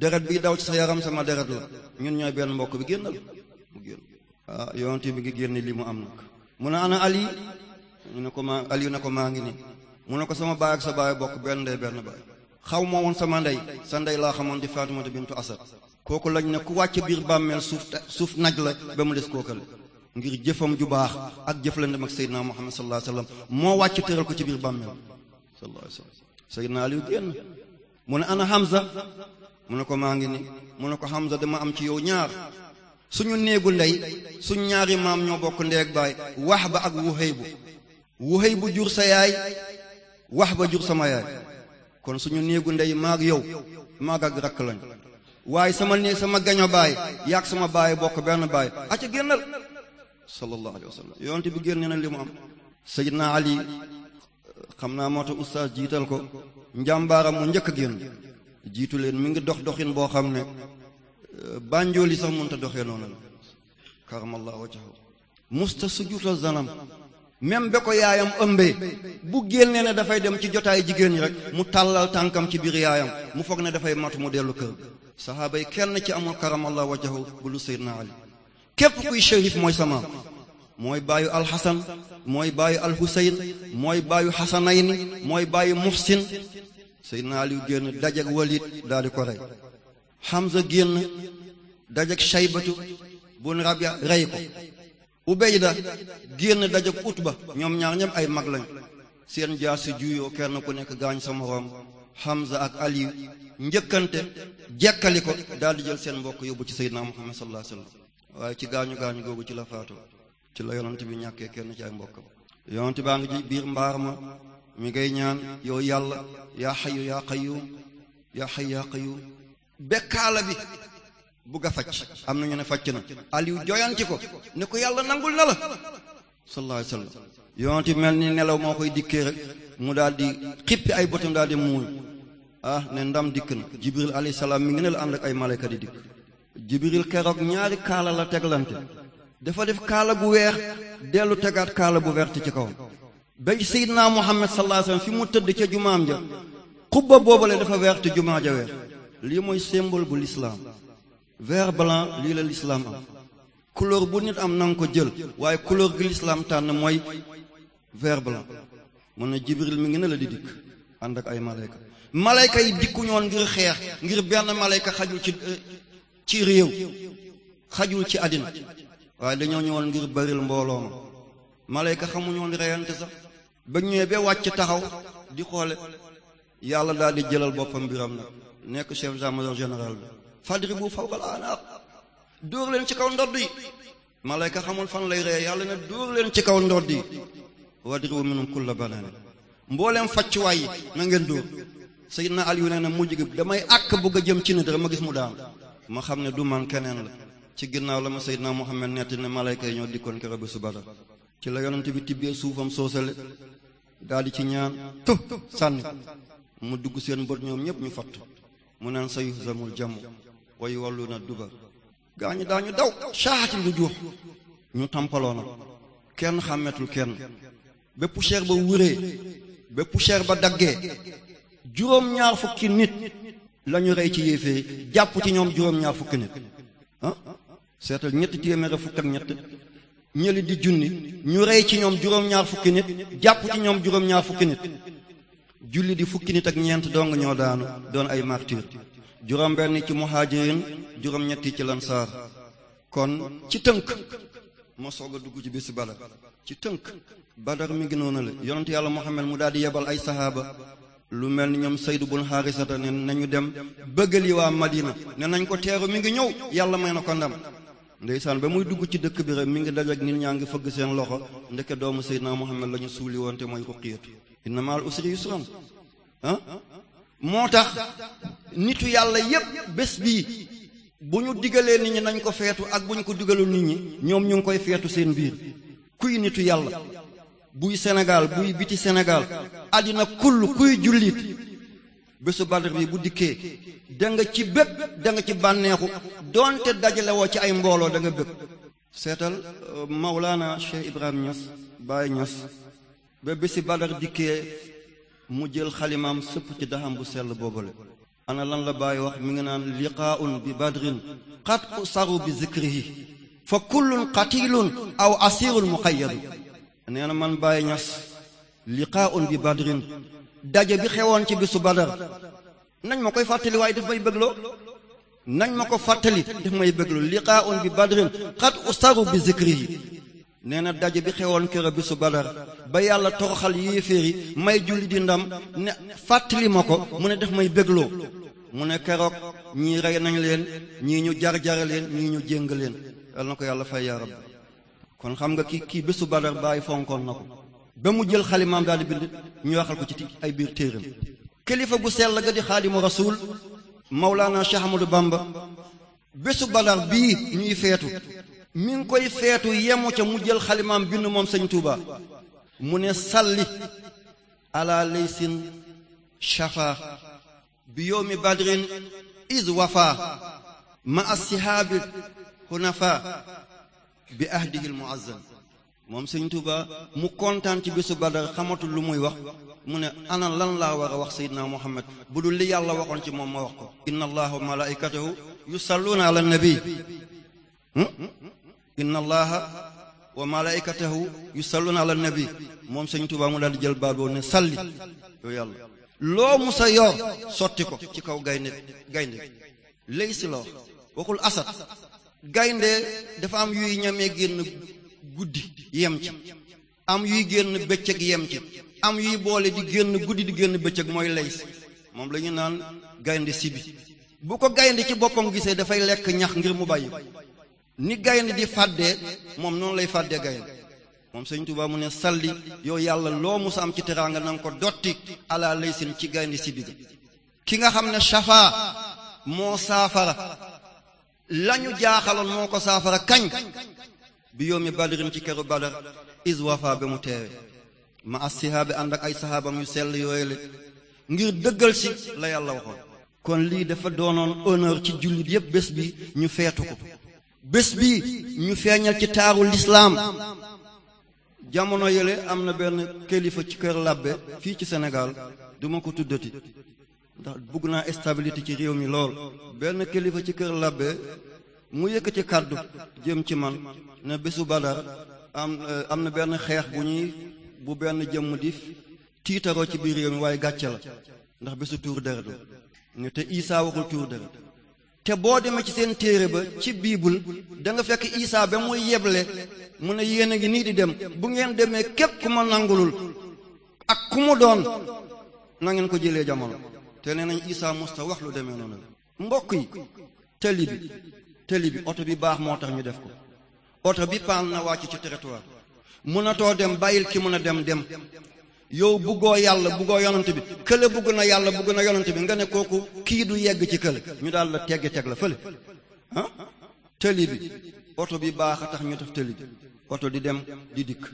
deret bii daw ci sa yaram sama deret la ñun ñooy benn mbokk bi génnal mu ah, bi ngi génn li mu am nag mu ne ana ali ko maa ali ne ko maa ngi nii mu ne ko sama baay ak sa baay bokk benn ndey benn baay xaw ma woon sama ndey sa ndey laa xamoon di Faatimata bintu Asad kooku lañ ne ku wàcc biir bàmmeel suuf suuf naj la ba mu des kookale ngir jëfam ju baax ak jëflanteem ak Seydina Muhammad sallallahu alayhi wasallam moo wàcc tëral ko ci biir bàmmeel sallallahu alayhi wasallam Seydina Aliou génn mu ne ana Hamza mu ne ko maa ngi ni mu ne ko Hamza dama am ci yow ñaar suñu néegu ndey suñu ñaari maam ñoo bokk ndeeg baay wax ba ak wuxëy bu wuxëy bu jur sa yaay wax ba jur sama yaay kon suñu néegu ndey maag yow maag ak rakk lañ waaye sama nii sama gaño baay yaag sama baay bokk benn baay aca génnal sallallahu alayhi wa sallam yonent bi génne na li mu am Seydina Ali xam naa moo tax oustaz jiital ko njàmbaaram mu njëkk a génn jiitu leen mi ngi dox doxin boo xam ne euh, bànjool yi sax mënut a doxee noonu la karamallahu musta sujuutal zanam même ba ko yaayam ëmbee bu génnee ne dafay dem ci jotaay jigéen ñi rek mu tàllal tànkam ci biir yaayam mu foog ne dafay matu mu dellu kër sahaaba kenn ci amul karamallah wajahu bu lu sayyidina ali képp kuy shérif mooy sama mooy baayu alxasan mooy baayu alxuseyn mooy baayu xasanayni mooy baayu muhsin sayyidina ali génn dajeg walid daal ko rey hamza génn dajeg shaybatu bun rabia rey ko Ubayda génn dajab ba ñoom ñaar ñëpp ay mag lañ seen jaar si juyoo kenn ku nekk gaañ sa moroom Hamza ak Ali njëkkante jekkali ko daal di jël seen mbokk yóbbu ci Seydina Muhammad sallallahu alayhi wasallam waaye ci gaañu gaañu googu ci la faatu ci la yonent bi ñàkkee kenn ci ay mbokkam yonent baa ngi ci biir mbaar ma mi ngay ñaan yow yàlla yaa xayu yaa qayyum yaa xayu yaa qayyum bekkaala bi bugg a facc am na ñu ne facc na Aliou jooyanti ko ne ko yàlla nangul na la sallallahu alayhi wasallam yonent mel ni nelaw moo koy dikkee rek mu daal di xippi ay bëtam daal di muul ah ne ndam dikk na jibril alayhi salaam mi ngi ne la ànd ak ay malayka di dikk jibril keroog ñaari kaala la teglante dafa def kaala bu weex dellu tegaat kaala bu verte ci kawam ba seydinaa muhammad sallallahu alayhi wasallam fi mu tëdd ca jumaam ja xubba boobale dafa verte jumaa ja weex lii mooy symbole bu lislaam vert blanc lii la l'islam am couleur bu nit am na nga ko jël waaye couleur gi l'islam tànn mooy vert blanc mën na jibril mi ngi ne la di dikk ànd ak ay malayka malayka yi dikku ñoon ngir xeex ngir benn malayka xajul ci euh, ci réew xajul ci àddina waaye dañoo ñëwoon ngir baril mbooloo ma malayka xamuñoon reyante sax ba ñëwee ba wàcc taxaw di xoole yàlla daal di jëlal boppam biram nag nekk chef d'état-major général bi fadribu fawqa al-anaq dóor leen ci kaw ndodd yi malayka xamul fan lay ree yàlla ne dóor leen ci kaw ndodd yi wadribu minhum kulla banaan mbooleem faccuwaay yi na ngeen dóor sayyidna Ali nee na mujj gi damay àkk bugg a jëm ci nit rek ma gis mu daan ma xam ne du man keneen la ci ginnaaw la ma sayyidna Muhammad netti ne malayka yi ñoo dikkoon keroog bi su Badar ci la yonent bi tibbee suufam soosale daal di ci ñaan tu sànni mu dugg seen bët ñoom ñëpp ñu fatt wa yuwalluna dubar gaa ñi daañu daw saaxatil gu juux ñu tampaloona kenn xàmmetul kenn ba poussière ba wuree ba poussière ba daggee juróom-ñaar fukki nit la ñu rey ci yéefee jàpp ci ñoom juróom-ñaar fukki nit ah seetal ñetti téeméer fukk ak ñett ñëli di junni ñu rey ci ñoom juróom-ñaar fukki nit jàpp ci ñoom juróom-ñaar fukki nit julli di fukki nit ak ñeent dong ñoo daanu doon ay martyr juróom benn ci muhajirin juróom ñetti ci lansaar kon ci tënk moo soog a dugg ci bisu badar ci tënk badar mi ngi noonu la yonent yàlla Muhammad mu daal di yebal ay sahaaba lu mel ni ñoom Saydu bun Xaarisata ne nañu dem bëggali waa Madina ne nañ ko teeru mi ngi ñëw yàlla may na ko ndam ndeysaan ba muy dugg ci dëkk bi rek mi ngi dajeek nit ñaa ngi fëgg seen loxo ndeke doomu Seydina Muhammad la ñu suuli woonte mooy ko innamal usri yusran ah? moo tax nittu yàlla yépp bés bii bu ñu digalee nit ñi nañ ko feetu ak bu ñu ko digalul nit ñi ñoom ñu ngi koy feetu seen biir kuy nitu yàlla buy Sénégal buy biti Sénégal àddina kull kuy jullit bésu Badr bi bu dikkee da nga ci bëgg da nga ci bànneexu doonte dajalewoo ci ay mbooloo da nga bëgg seetal euh, Maulana Cheikh Ibrahim Niass Baye Niass ba bési Badr dikkee mu jël xalimaam sëpp ci daxam bu sell boobale ana lan la bàyyi wax mi ngi naan liqaaun bi badrin xat usaru bi zikrihi fa kullun qatilun aw asirul muqayyadu nee na man bàyyi ñas liqaaun bi badrin daje bi xewoon ci bisu badar nañ ma koy fàttali waaye daf may bëggloo nañ ma ko fàttali daf may bëggloo liqaaun bi badrin xat usaru bi zikrihi nee na daje bi xewoon kër bisu badar ba yàlla toroxal yéeféer yi may julli di ndam ne fàttali ma ko mu ne def may bégloo mu ne keroog ñii rey nañu leen ñii ñu jar-jare leen ñii ñu jéng leen yal na ko yàlla fay yaa rabbi kon xam nga ki kii bésu badar bàyyi fonkoon na ko ba mu jël xalimaam daal di bind ñu waxal ko ci ay biir téeram kilifa bu sell ga di xaadimu rasul mawlaana Cheikh Ahmadou Bamba bésu badar bii ñuy feetu mi koy feetu yemu ca mu jël xalimaam bind moom sëñ Tuuba mu ne salli ala laysin shafa bi yawmi badrin iz wafa ma asihaabi hunafa bi ahdihil muazzam moom sëñ Tuuba mu kontaan ci bésu Badar xamatul lu muy wax mu ne ana lan laa war a wax Seydina Muhammad bu dul li yàlla waxoon ci moom ma wax ko inna allaha wa malaikatahu yusalluuna ala nabi hmm? inna allaha wa malaikatahu yusalluna ala nabi moom sëñ Tuubaa mu daal jël baat boobu ne salli yow yàlla loo musa yor sotti ko ci kaw gaynde gaynde léegi si loo waxul asad gaynde dafa am yuy ñamee génn guddi yem ci am yuy génn bëccëg yem ci am boole di génn guddi di génn bëccëg mooy lay moom lañu naan gaynde si bi bu ko gaynde ci boppam gisee dafay lekk ñax ngir mu bàyyi ko ni gaynde di fàddee moom noonu lay fàddee gaynde moom sëñ Tuubaa mu ne salli yow yàlla loo mus am ci teraanga na nga ko dotti ala lay seen ci gaynde si digg ki nga xam ne shafaa moo saafara lañu jaaxaloon moo ko saafara kañ bi yow mi badrin ci keru badar is wafa ba mu teewe ma as sihaabi ànd ak ay sahaabam yu sell yooyu le ngir dëggal si la yàlla waxoon kon lii dafa doonoon honneur ci jullit yépp bés bi ñu feetu ko bés bi ñu feeñal ci taaru lislaam jamono yële am na benn kilifa ci kër labbe fii ci senegal duma ko tuddati ndax bugg naa stabilité ci réew mi lool benn kilifa ci kër labbe mu yëkkati kàddu jëm ci man ne bésu badar am am na benn xeex bu ñuy bu benn jëmm di tiitaroo ci biir réew mi waaye gàcce la ndax bésu tuur deret la ne te Isaa waxul tuur deret te boo demee ci seen téere ba ci biibul da nga fekk Isaa ba muy yeble mu ne yéen a ngi nii di dem bu ngeen demee képp ku ma nangulul ak ku mu doon nangeen ko jëlee jamono te nee nañ Isaa musta wax lu demee noonu la mbokk yi tëli bi tëli bi oto bi baax moo tax ñu def ko oto bi paan na wàcc ci territoire mënatoo dem bàyyil ki mën a dem dem yow buggoo yàlla buggoo yonent bi kële bugg na yàlla bugg na yonent bi nga ne kooku kii du yegg ci kële ñu daal la teggi teg la fële ah tëli bi oto bi baax a tax ñu def tëli bi oto di dem di dikk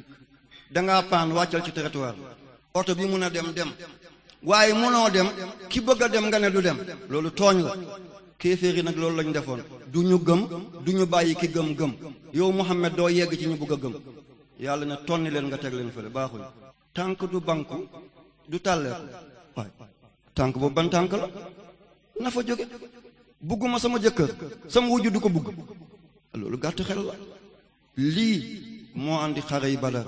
dangaa paan wàccal ci territoire oto bi mun a dem dem waaye mënoo dem ki bëgg a dem nga ne du dem loolu tooñ la kéeféer yi nag loolu lañu defoon du ñu gëm du ñu bàyyi ki gëm gëm yow Muhammad doo yegg ci ñu bëgg a gëm yàlla ne tonni leen nga teg leen fële tànk du banku du tàlleeku waay tànk boobu ban tànk la na fa jóge ma sama jëkkër sama wujju du ko bugg loolu gàtt xel la lii moo andi xare yi badar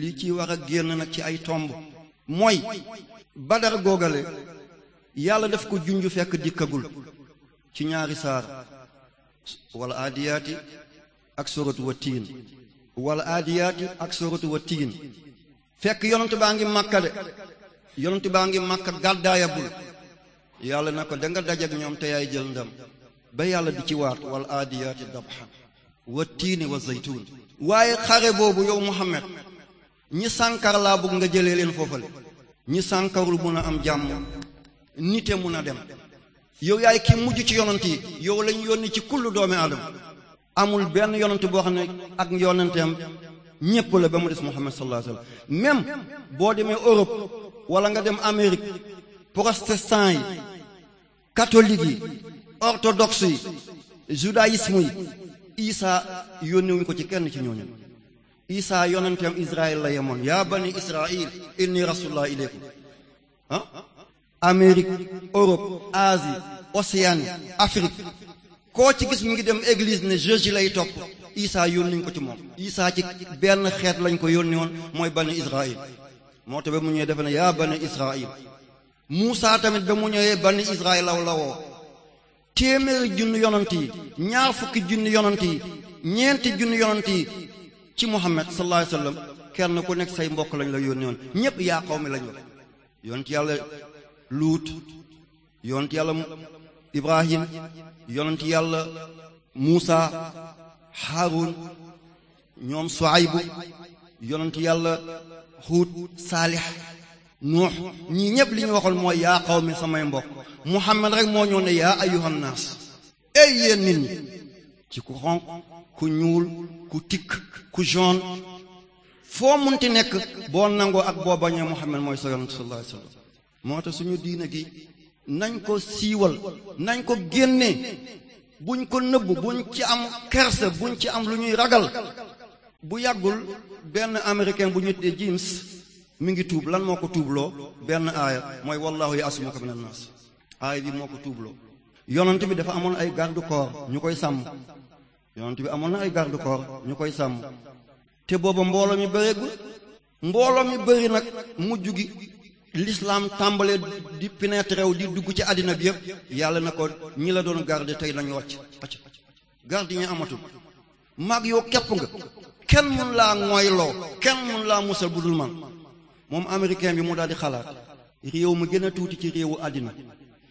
lii ci war a génn nag ci ay tomb mooy badar googale yàlla daf ko junj fekk dikkagul ci ñaari saar wala aadiyaati ak soratu wa tiin wala aadiyaati ak soratu wa tiin fekk yonentu baa ngi Makka de yonentu baa ngi Makka gàddaayagul yàlla na ko da nga dajak ñoom te yaay jël ndam ba yàlla di ci waat wal aadiyaati dabhan wa tiini wa zaytuun waaye xare boobu yow Muhammad ñi sànkar laa bëgg nga jëlee leen foofale ñi sànkarul mun a am jàmm nite mun a dem yow yaay ki mujj ci yonent yi yow lañu yónni ci kullu doomi aadama amul benn yonent boo xam ne ak yonenteem ñépp la ba mu des Muhammad sallallahu alayhi wasallam même boo demee Europe wala nga dem Amérique protestant yi catholique yi orthodoxe yi judaïsme yi Isa yónnewuñu ko ci kenn ci ñooñu Isa yonenteem Israël la yemoon yaa bani Israël inni rasulullah ilaykum ah Amérique Europe Asie Océanie Afrique koo ci gis mu ngi dem église ne Jésus lay topp Isa yónni nañ ko ci moom Isa ci benn xeet lañ ko yónni woon mooy bani Israël moo tax ba mu ñëwee defe na yaa bani Israël Muusa tamit ba mu ñëwee bani Israël law lawoo téeméeri junni yonant yi ñaar fukki junni yonant yi ñeenti junni yonant yi ci Muhammad sallallahu alayhi wasallam kenn ku nekk say mbokk lañ la yónni woon ñépp yaa qawmi lañ wax yonent yàlla luut yonent ibrahim yonent yàlla muusa Haarun ñoom Suaybu yonentu yàlla Huud Saalix Nuux ñii ñëpp li ñu waxoon mooy yaa qawmi samay mbokk Muhammad rek moo ñëw ne yaa ayyuhan naas ey yéen nit ñi ci ku xonq ku ñuul ku tikk ku jaune foo mun ti nekk boo nangoo ak boo bañee Muhammad mooy sa yonent sallallahu alayhi moo tax suñu diina gi nañ ko siiwal nañ ko génnee buñ ko nëbbu buñ ci am kersa buñ ci am lu ñuy ragal bu yàggul benn américain bu ñu tuddee James mi ngi tuub lan moo ko tuubloo benn aaya mooy wallahu ya'simuka minan nas aaya bi moo ko tuubloo yonent bi dafa amoon ay garde corps ñu koy sàmm yonent bi amoon na ay garde corps ñu koy sàmm te booba mbooloo mi bëreegul mbooloo mi bëri nag mujj gi l'islam tàmbale di pénétrer wu di dugg ci àddina bi yëpp yàlla na ko ñi la doon garde tey lañu wàcc wàcc garde ñu amatul maag yow képp nga kenn mun laa mooyloo kenn mun laa musal bu dul man moom américain bi mu daal di xalaat réew mu gën a tuuti ci réewu àddina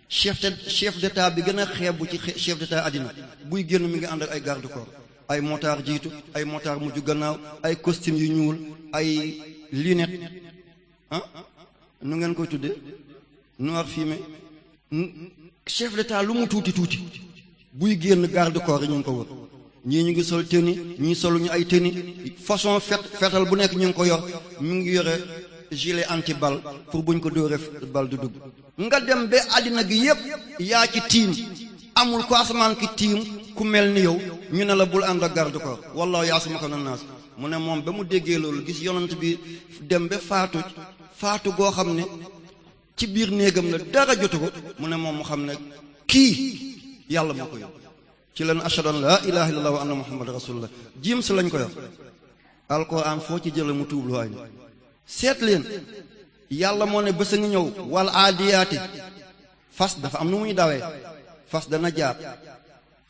chef de chef d'état bi gën a bu ci chef d'état àddina buy génn mi ngi ànd ak ay garde corps ay motard jiitu ay motard mujj gannaaw ay costume yu ñuul ay lunette ah nu ngeen koy tudde noir fumé chef d'état lu mu tuuti tuuti buy génn garde corps yi ñu ngi ko wër ñii ñu ngi sol tenue ñii soluñu ay tenue façon fet fetal bu nekk ñu ngi ko yor ñu ngi yore gilet anti balle pour buñ ko dóoree bal du dugg nga dem ba àddina gi yépp yaa ci tiim amul ko asamaan ki tiim ku mel ni yow ñu ne la bul ànd ak garde corps wallahu yaasumaka na naas mu ne moom ba mu déggee loolu gis yonent bi dem ba faatu faatu goo xam ne ci biir néegam la dara jotu ko mu ne moom mu xam ne kii yàlla moo ko yóbbu ci lañu ashhadu an laa ilaaha illallah wa anna muhammadan rasulullah jiim si lañ ko yor alquran foo ci jële mu tuub lu waay seet leen yàlla moo ne bés a ngi ñëw wal aadiyaati fas dafa am nu muy dawee fas dana jaar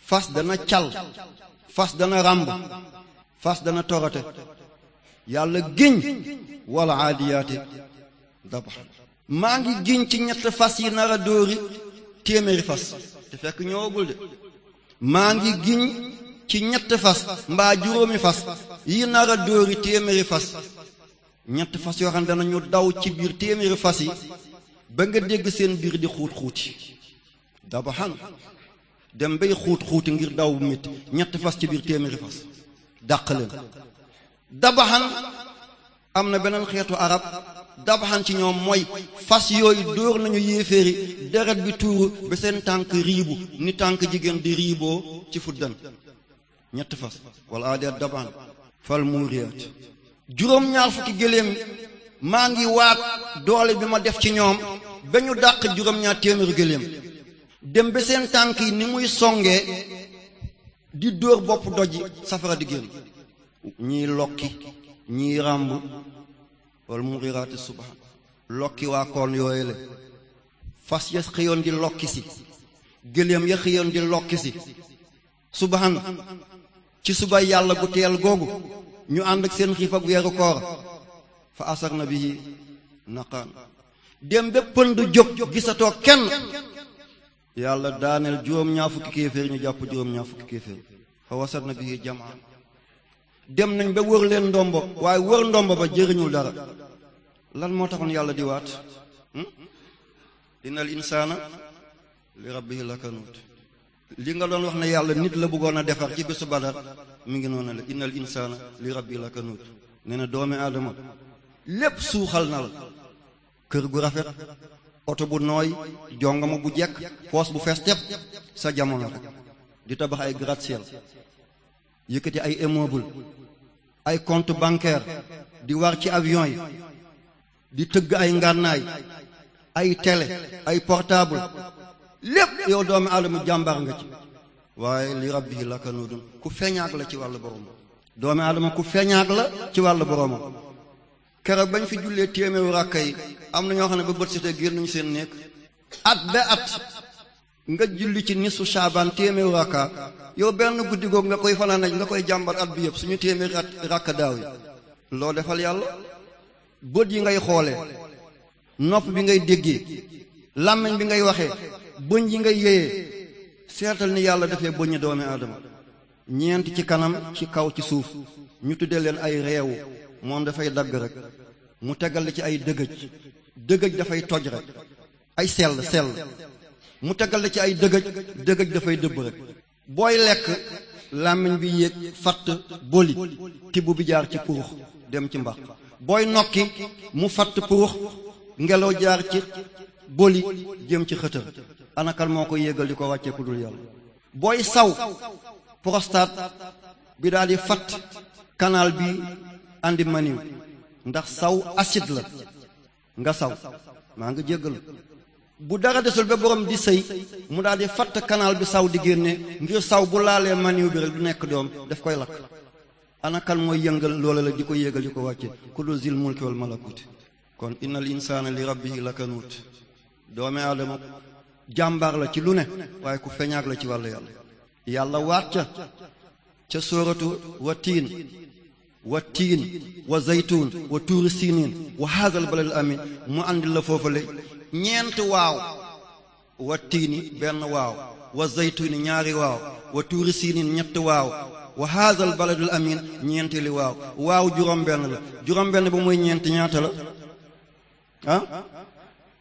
fas dana cal fas dana ràmb fas dana torote yàlla géñ wal aadiyaati maa ngi giñ ci ñett fas yi nar a dóori téeméeri fas te fekk ñëwagul de maa ngi giñ ci ñett fas mbaa juróomi fas yi nar a dóori téeméeri fas ñett fas yoo xam ne danañu daw ci biir téeméeri fas yi ba nga dégg seen biir di xuut xuuti dabaxan dem bay xuut xuuti ngir daw bu métti ñett fas ci biir téeméeri fas dàq leen dabaxan am na beneen xeetu arab dabaxan ci ñoom mooy fas yooyu dóor nañu yéeféeri deret bi tuuru ba seen tànk riibu ni tànk jigéen di riiboo ci fuddan ñett fas wala aadaat dabaxan fal muuriyaat juróom ñaar fukki géléem maa ngi waat doole bi ma def ci ñoom ba ñu dàq juróom ñaar téeméeri géléem dem ba seen tànk yi ni muy songee di dóor bopp doj safara di ñii lokki ñii ràmb wala mumghirati subha lokki waa koon yooyu le fas ya xëyoon di lokki si gëléem ya xëyoon di lokki si subhan ci suba yàlla gu teel googu ñu ànd ak seen xiif ak weeru koor fa asar na bi naqaan dem ba pënd jóg gisatoo kenn yàlla daaneel juróom-ñaar fukki kéeféer ñu jàpp juróom-ñaar fukki kéeféer fa wasar na bi jamaa dem nañ ba wër leen ndombo waaye wër ndombo ba jëriñul dara lan moo taxoon yàlla di waat hmm? innal insaana li rabbihi lakanuut li nga doon wax ne yàlla nit la bëggoon a defar ci bésu badar mi ngi noonu la innal insaana li rabbi lakanuut nee na doomi aadama lépp suuxal na la kër gu rafet oto bu nooy jongama bu jekk poos bu fees tepp sa jamono rek di tabax ay gratte yëkkati ay immeuble ay compte bancaire di war ci avion yi di tëgg ay ngànnaay ay télé ay portable lépp yow doomi aadama jàmbaar nga ci waaye li rab rabbihi lakanudun ku feeñaag la ci wàllu boroom doomi aadama ku feeñaag la ci wàllu boroomam keroog bañ fi jullee téeméeru ràkka yi am na ñoo xam ne ba bët setee génn nañu seen néeg at ba at nga julli ci nisu saabaan téeméeru rakka yow benn guddi googu nga koy fanaane fanaan nga koy jàmbat at bi yëpp suñu téeméeri at rakka daaw loo defal yàlla bët yi ngay xoole nopp bi ngay déggee làmmiñ bi ngay waxee bëñ yi ngay yéyee seetal ni yàlla dafee bëñ doomi aadama ñeent ci kanam ci kaw ci suuf ñu tuddee leen ay reewu moom dafay dagg rek mu tegal ci ay dëgëj dëgëj dafay toj rek ay sell sell mu tegal la ci ay dëgëj dëgëj dafay dëbb rek booy lekk làmmiñ bi yéeg fatt boli tibb bi jaar ci puux dem ci mbax booy nokki mu fatt puux ngelaw jaar ci boli jëm ci xëtër anakal moo ko yéegal di ko wàccee ku dul yàlla booy saw prostate bi daal di fatt canal bi andi maniw ndax saw acide la nga saw maa ngi jéggalu bu dara desul ba borom di sëy mu daal di fatt kanaal bi saw di génne ngir saw bu laalee maniw bi rek du nekk doom daf koy lakk ana mooy yëngal loola la di ko yéegal di ko wàcce ku dul zil mulki wal malakut kon innal insaana li rabbihi lakanuut doomi aadama jàmbaar la ci lu ne waaye ku feñaak la ci wàllu yàlla yàlla waat ca sóoratu wa tiin wa tiin wa zaytuun wa tuuri siniin wa haazal balal amin mu àndi la foofale ñeent waaw wa tiini benn waaw wa zaytuni ñaari waaw wa tuuri siinin ñetti waaw wa haazal baladul amin ñeenti li waaw waaw juróom-benn la juróom-benn ba muy ñeenti ñaata la ah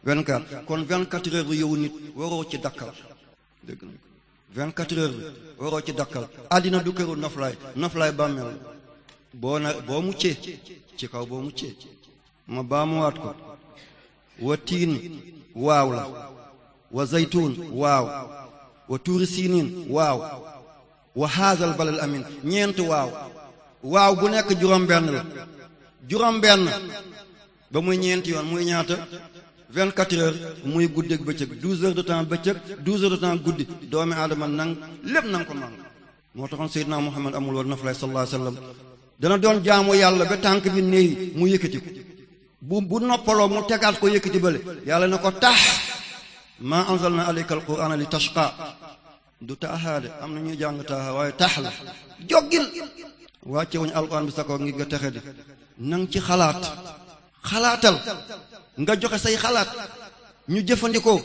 24 kon 24 heures bi yow nit waroo ci dakkal dégg nga bi waroo ci dakkal àddina du këru noflaay noflaay bàmmeel la boo na boo ci kaw boo muccee ma baamuwaat ko wa tiin waaw la wa zaytuun waaw wa tuuri siiniin waaw wa haazal balal amin ñeent waaw waaw bu nekk juróom benn la juróom benn ba muy ñeenti yoon muy ñaata 24 heures muy guddeeg bëccëg 12 heures de temps bëccëg 12 heures de guddi doomi aadama nang lépp nang ko man moo taxoon Seydina Muhammad amul woon nafalay sallallahu alayhi wasallam dana doon jaamu yàlla ba tànk bi néew mu yëkkati ko bu bu noppaloo mu tegaat ko yëkkati bële yàlla na ko tax ma anzalna na alqur'ana li tashqa du taaxaade am na ñuy jàng taaxa waaye tax la joggil wàcce wuñu alqur'an bi sa ko ngi nga texe di nang ci xalaat xalaatal nga joxe say xalaat ñu jëfandikoo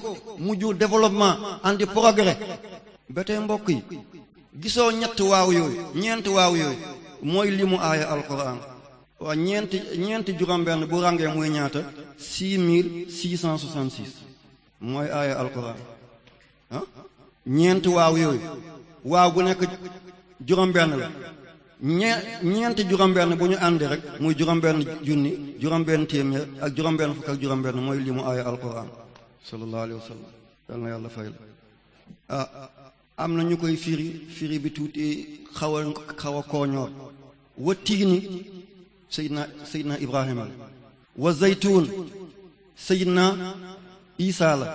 mu jur développement andi progrès ba tey mbokk yi gisoo ñett waaw yooyu ñeent waaw yooyu mooy li mu aaya alquran waa ñeenti ñeenti juróom-benn bu ràngee muy ñaata six mille six mooy aaya alquran ah ñeenti waaw yooyu waaw bu nekk juróom-benn la ñee ñeenti juróom-benn bu ñu àndee rek muy juróom-benn junni juróom-benn téeméer ak juróom-benn fukk ak juróom-benn mooy li mu aaya alquran sallallahu alayhi wa yàlla fay la ah am na ñu koy firi firi bi tuuti xaw a xaw wa tiini Seydina Seydina Ibrahima la wa zaytuun Seydina Isa la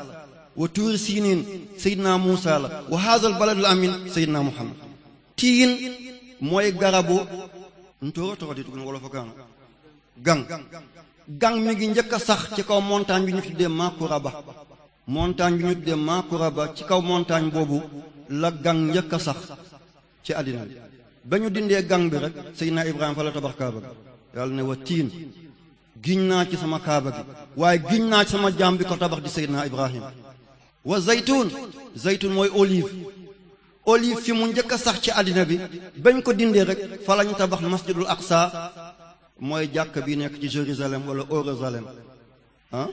wa tuuri siiniin Seydina Muusa la wa haazal baladul amin Seydina Muhammad tiin mooy garabu ntóora toro tugg na wala fa gang gang mi ngi njëkk sax ci kaw montagne bi ñu tuddee Makuraba montagne bi ñu ci kaw montagne boobu la gang njëkk a sax ci àddina bi ba dindee gang bi rek Seydina Ibrahima fa la tabax yàlla ne wa tiin giñ naa ci sama kaaba gi waaye giñ naa ci sama jaam bi ko tabax di Seydina Ibrahim wa zaytuun zaytuun mooy olive olive fi mu njëkk a sax ci àddina bi bañ ko dindee rek fa lañu tabax masjidul aqsa mooy jàkk bi nekk ci Jérusalem wala Jérusalem ah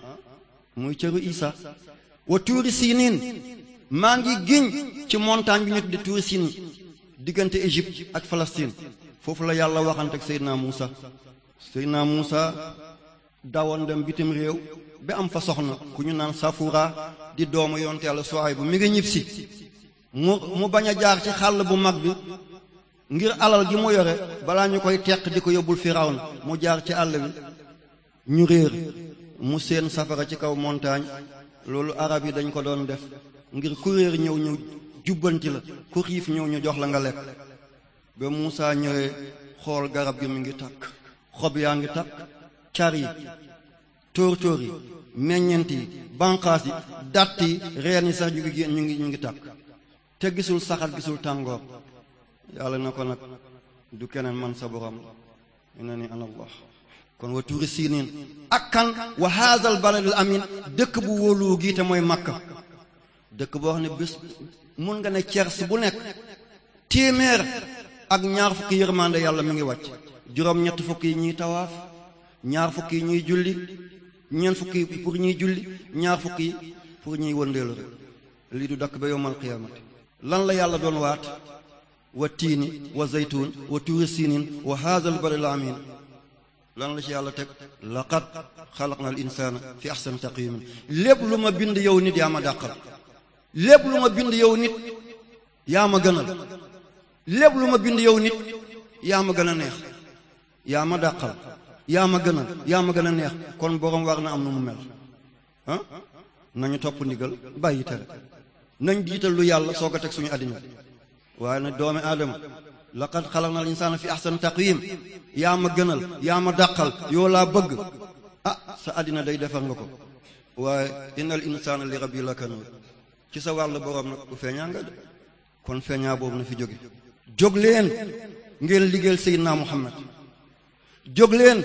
muy cëru Isa wa tuuri maa ngi giñ ci montagne bi ñu tudde diggante Égypte ak Palestine foofu la yàlla waxante ak Seydina Muusa Seydina Muusa dawoon dem bitim réew bi am fa soxna ku ñu naan Safura di doomu yonte Yàlla Suwayb bu mi ngi ñib si mu mu bañ a jaar ci xàll bu mag bi ngir alal gi mu yore balaa ñu koy teq di ko yóbbul Firawna mu jaar ci àll bi ñu réer mu séen safara ci kaw montagne loolu arab yi dañ ko doon def ngir ku réer ñëw ñu jubbanti la ku xiif ñëw ñu jox la nga lekk ba Muusa ñëwee xool garab gi mu ngi tàkk xob yaa ngi takk car yi tóor-tóor yi meññent yi banqaas yi sax ñu ngi ñu ngi ñu ngi takk te gisul saxat gisul tàngoor yàlla na ko nag du keneen man sa borom ina ni ana kon wa tuuri siniin ak kan wa haazal baladul amin dëkk bu wóoluwu gii te mooy Makka dëkk boo xam ne bés mun nga ne cers bu nekk téeméer ak ñaar fukki yërmande yàlla mi ngi wàcc juróom ñett fukk yi ñuy tawaaf ñaar fukk yi ñuy julli ñeent fukk yi pour ñuy julli ñaar fukki yi pour ñuy li du dakk ba yowmal qiyaamati lan la yàlla doon waat wa tiini wa zaytuun wa tuuri siinin wa haazal balil amiin lan la ci yàlla teg laqad xalaqna al insaana fi ahsani taqwiim lépp lu ma bind yow nit yaa ma dàqal lépp lu ma bind yow nit yaa ma gënal lépp lu ma bind yow nit yaa ma gën a neex yaa ma dàqal yaa ma gën a yaa ma gën a neex kon borom war na am nu mu mel ah? nañu topp ndigal bàyyi tere nañ jiital lu yàlla soog a teg suñu àddina waaye nag doomi aadama laqad xalaqnal insaana fi ahsani taqwiim yaa ma gënal yaa ma dàqal yoo laa bëgg ah sa àddina day defar nga ko waaye innal insaana li rabbi lakanuud ci sa wàll borom nag bu feeñaa de kon feeñaa boobu na fi jóge jóg leen ngeen liggéeyal Seydina Muhammad jóg leen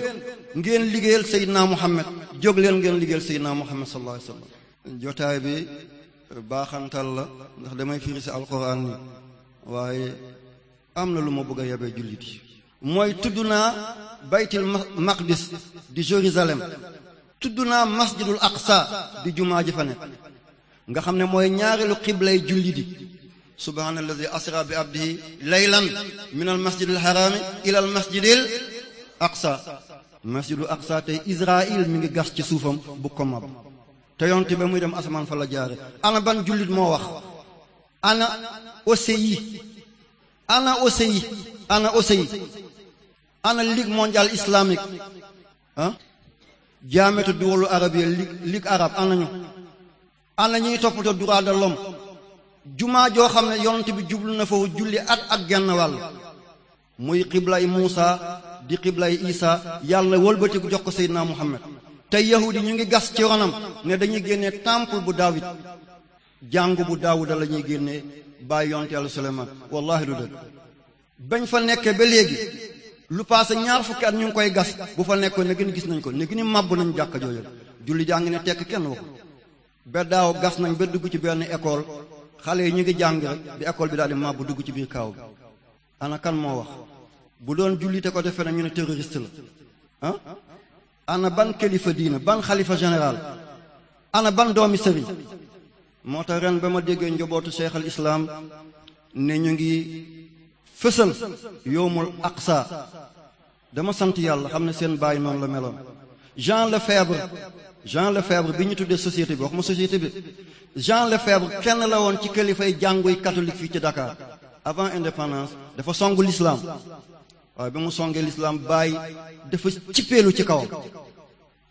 ngeen liggéeyal Seydina Muhammad jóg leen ngeen liggéeyal Seydina Muhammad sallallahu alayhi wasallam jotaay bi euh, baaxantal la ndax damay firi si alquran ni waaye am na lu ma bëgg a yebee jullit yi mooy tudd naa baytil maqdis di Jérusalem tudd naa masjidul aqsa di jumaa ji fa nga xam ne mooy ñaareelu xiblay jullit yi subhaanallazi asra bi abdihi laylan min al masjidil harami ila al masjidil Aqsa masjidu Aqsa tey Israël mi ngi gas ci suufam bu ko mab te yonte ba muy dem asamaan fa la jaare ana ban jullit moo wax ana OCI ana OCI ana OCI ana ligue jaamete duwalu arabia ligue ligue arabe ana ñuy toppatoo droit de jumaa joo xam ne yonent bi jublu na foofu julli at ak genn wàll muy xibla Muusa di xiblay Isa yàlla wëlbatiku jox ko Seydina Muhammad tey yahudi ñu ngi gas ci ronam ne dañuy génne temple bu Daawid jàngu bu Daawuda la ñuy génne bàyyi yonte yàlla Suleymaan wallahi du dëgg bañ fa nekkee ba léegi lu paase ñaar fukki at ñu ngi koy gas bu fa nekkoon ne gën gis nañ ko ne gën màbb nañ jàkka jooju julli jaa ngi ne tekk kenn waxu ba daaw gas nañ ba dugg ci benn école xale yi ñu ngi jàng rek bi école bi daal di màbb dugg ci biir kaaw bi ana bu doon jullite ko defee na ñu ne terroriste la ah ana ban kilifa diina ban xalifa général ana ban doomi sëriñ moo tax ren ba ma déggee njobootu seexal al islam ne ñu ngi fësal yowmul aqsa dama sant yàlla xam ne seen bàyyi noonu la meloon Jean Lefebvre Jean Lefebvre bi ñu tuddee société bi wax ma société bi Jean Lefebvre kenn la woon ci kilifay jànguy catholique fii ci Dakar avant indépendance dafa songu l'islam waaye ba mu songee lislaam bàyyi dafa cippeelu ci kawam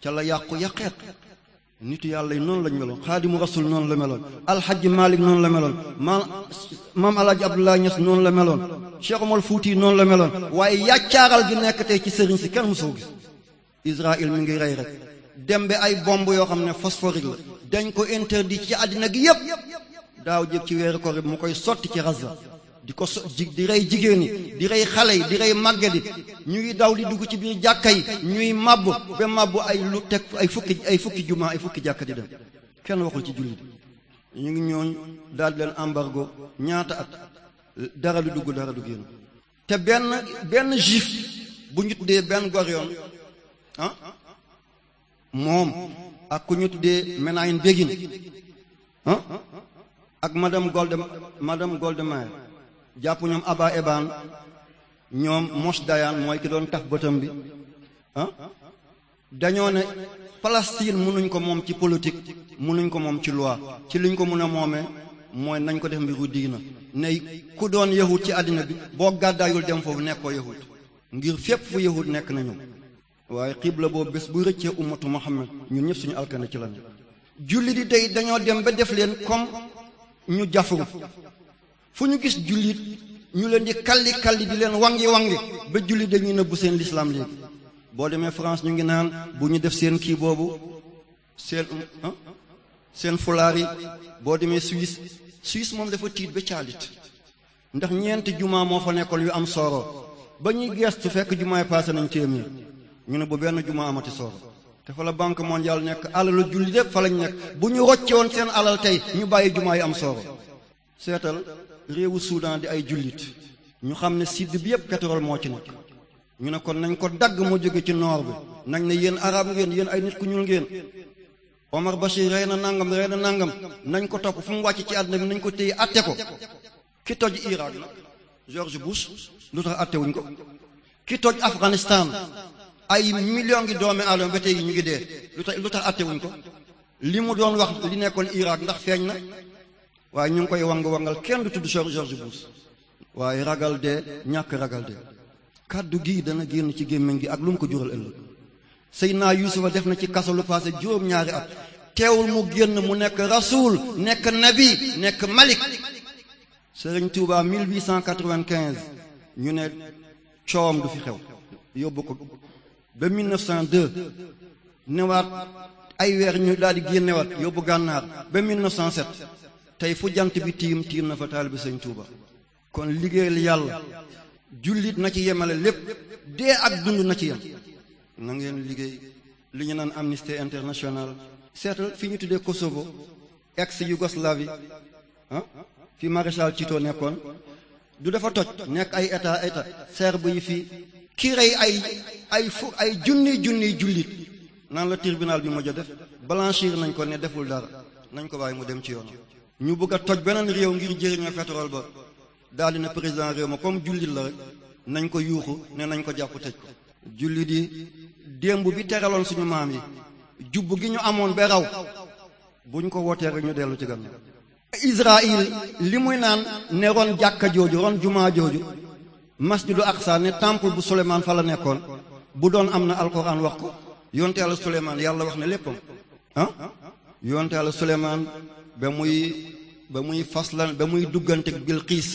ca la yàqu yàqeet nit yàlla yi noonu lañ meloon xaadimu rasul noonu la meloon alxaji malik noonu la meloon maam maam alhaji abdoulaye ñas noonu la meloon cheikh omar fuuti noonu la meloon waaye yàccaaral gi nekk tey ci sëriñ si kenn mosoo gis israel mi ngi rey rek dem be ay bomb yoo xam ne phosphorique la dañ ko interdit ci àddina gi yépp daaw jëg ci weeru koor bi mu koy sotti ci Gaza di ko so di rey jigéen ñi di rey xale yi di rey màgget yi ñuy daw di dugg ci biir jàkka yi ñuy màbb ba màbb ay lu teg ay fukki ay fukki jumaa ay fukki jàkka di dem kenn waxul ci jullit ñu ngi ñooñ daal di leen embargo ñaata at dara di dugg dara du génn te benn benn juif bu ñu tuddee benn goryoon ah moom ak ku ñu tuddee Menahem Begin ah ak madame Golda madame jàpp ñoom Aba Eban ñoom Mos Dayan mooy ki doon taf bëtam bi ah dañoo ne Palestine mënuñ ko moom ci politique mënuñ ko moom ci loi ci liñ ko mën a moomee mooy nañ ko def mbiru diina ne ku doon yahut ci àddina bi boo gàddaayul dem foofu nekkoo yahut ngir fépp fu yahut nekk nañu waaye xibla boobu bés bu rëccee ummatu Muhammad ñun ñëpp suñu alkane ci la ne julli di tey dañoo dem ba def leen comme ñu jafru fu ñu gis jullit ñu leen di kalli kalli di leen wangi wangi ba jullit dañuy nëbbu seen lislaam léegi boo demee France ñu ngi naan bu ñu def seen kii boobu seen ah, seen fulaar yi boo demee Suisse Suisse moom dafa tiit ba caalit ndax ñeenti jumaa moo fa nekkoon yu am sooro ba ñuy geestu fekk jumaay passé nañ téeméer ñu ne bu benn jumaa amati sooro te fa la banque mondial nekk alalu julli yépp fa lañ nekk bu ñu rocce seen alal tey ñu bàyyi jumaa yi am sooro réewu Soudan di ay jullit ñu xam ne sud bi yëpp pétrole moo ci nekk ñu ne kon nañ ko dagg moo jóge ci nord bi nañ ne yéen arab ngeen yéen ay nit ku ñuul ngeen Omar Bachir rey na nangam rey na nangam nañ ko topp fu mu wàcc ci àdduna bi nañ ko téye atte ko ki toj Irak nag George Bush lu tax atte wuñ ko ki toj Afghanistan ay million ngi doomi aadama ba tey ñu ngi dee lu tax lu tax ko li mu doon wax li nekkoon Irak ndax feeñ na waaye ñu ngi koy wang wangal kenn du tudd Cheikh George Bush waaye ragal de ñàkk ragal de kàddu gi dana génn ci gémmiñ gi ak lu mu ko jural ëllëg Seydina Yuusufa def na ci kaso lu passé juróom-ñaari at teewul mu génn mu nekk rasul nekk nabi nekk malik Serigne Touba 1895 ñu ne coom du fi xew yóbbu ko ba 1902 newaat ay weer ñu daal di génnewaat yóbbu gànnaar ba 1907 tey fu jant bi tiim tiim na fa taalibe sëñ Tuuba kon liggéeyal yàlla jullit na ci yemale lépp dee ak dund na ci yem na ngeen liggéey li ñu naan Amnesty International seetal fi ñu tuddee Kosovo ex Yougoslavie ah fi maréchal Tito nekkoon du dafa toj nekk ay état état serbe yi fi kii rey ay ay fu ay junni junni jullit naan la tribunal bi mujj a def blanchir nañ ko ne deful dara nañ ko bàyyi mu dem ci yoon ñu bëgg a toj beneen réew ngir jëriñoo pétrole ba daal na président réew ma comme jullit la nañ ko yuuxu ne nañ ko jàpp tëj ko jullit yi démb bi teraloon suñu maam yi jubb gi ñu amoon ba raw buñ ko wootee rek ñu dellu ci gannaaw Israël li muy naan ne ron jàkka jooju ron jumaa jooju masjidu Aqsa ne temple bu Souleymane fa la nekkoon bu doon am na alquran wax ko yonte yàlla yàlla wax ne léppam ah yonte yàlla ba muy ba muy faslan ba muy duggante bilqiis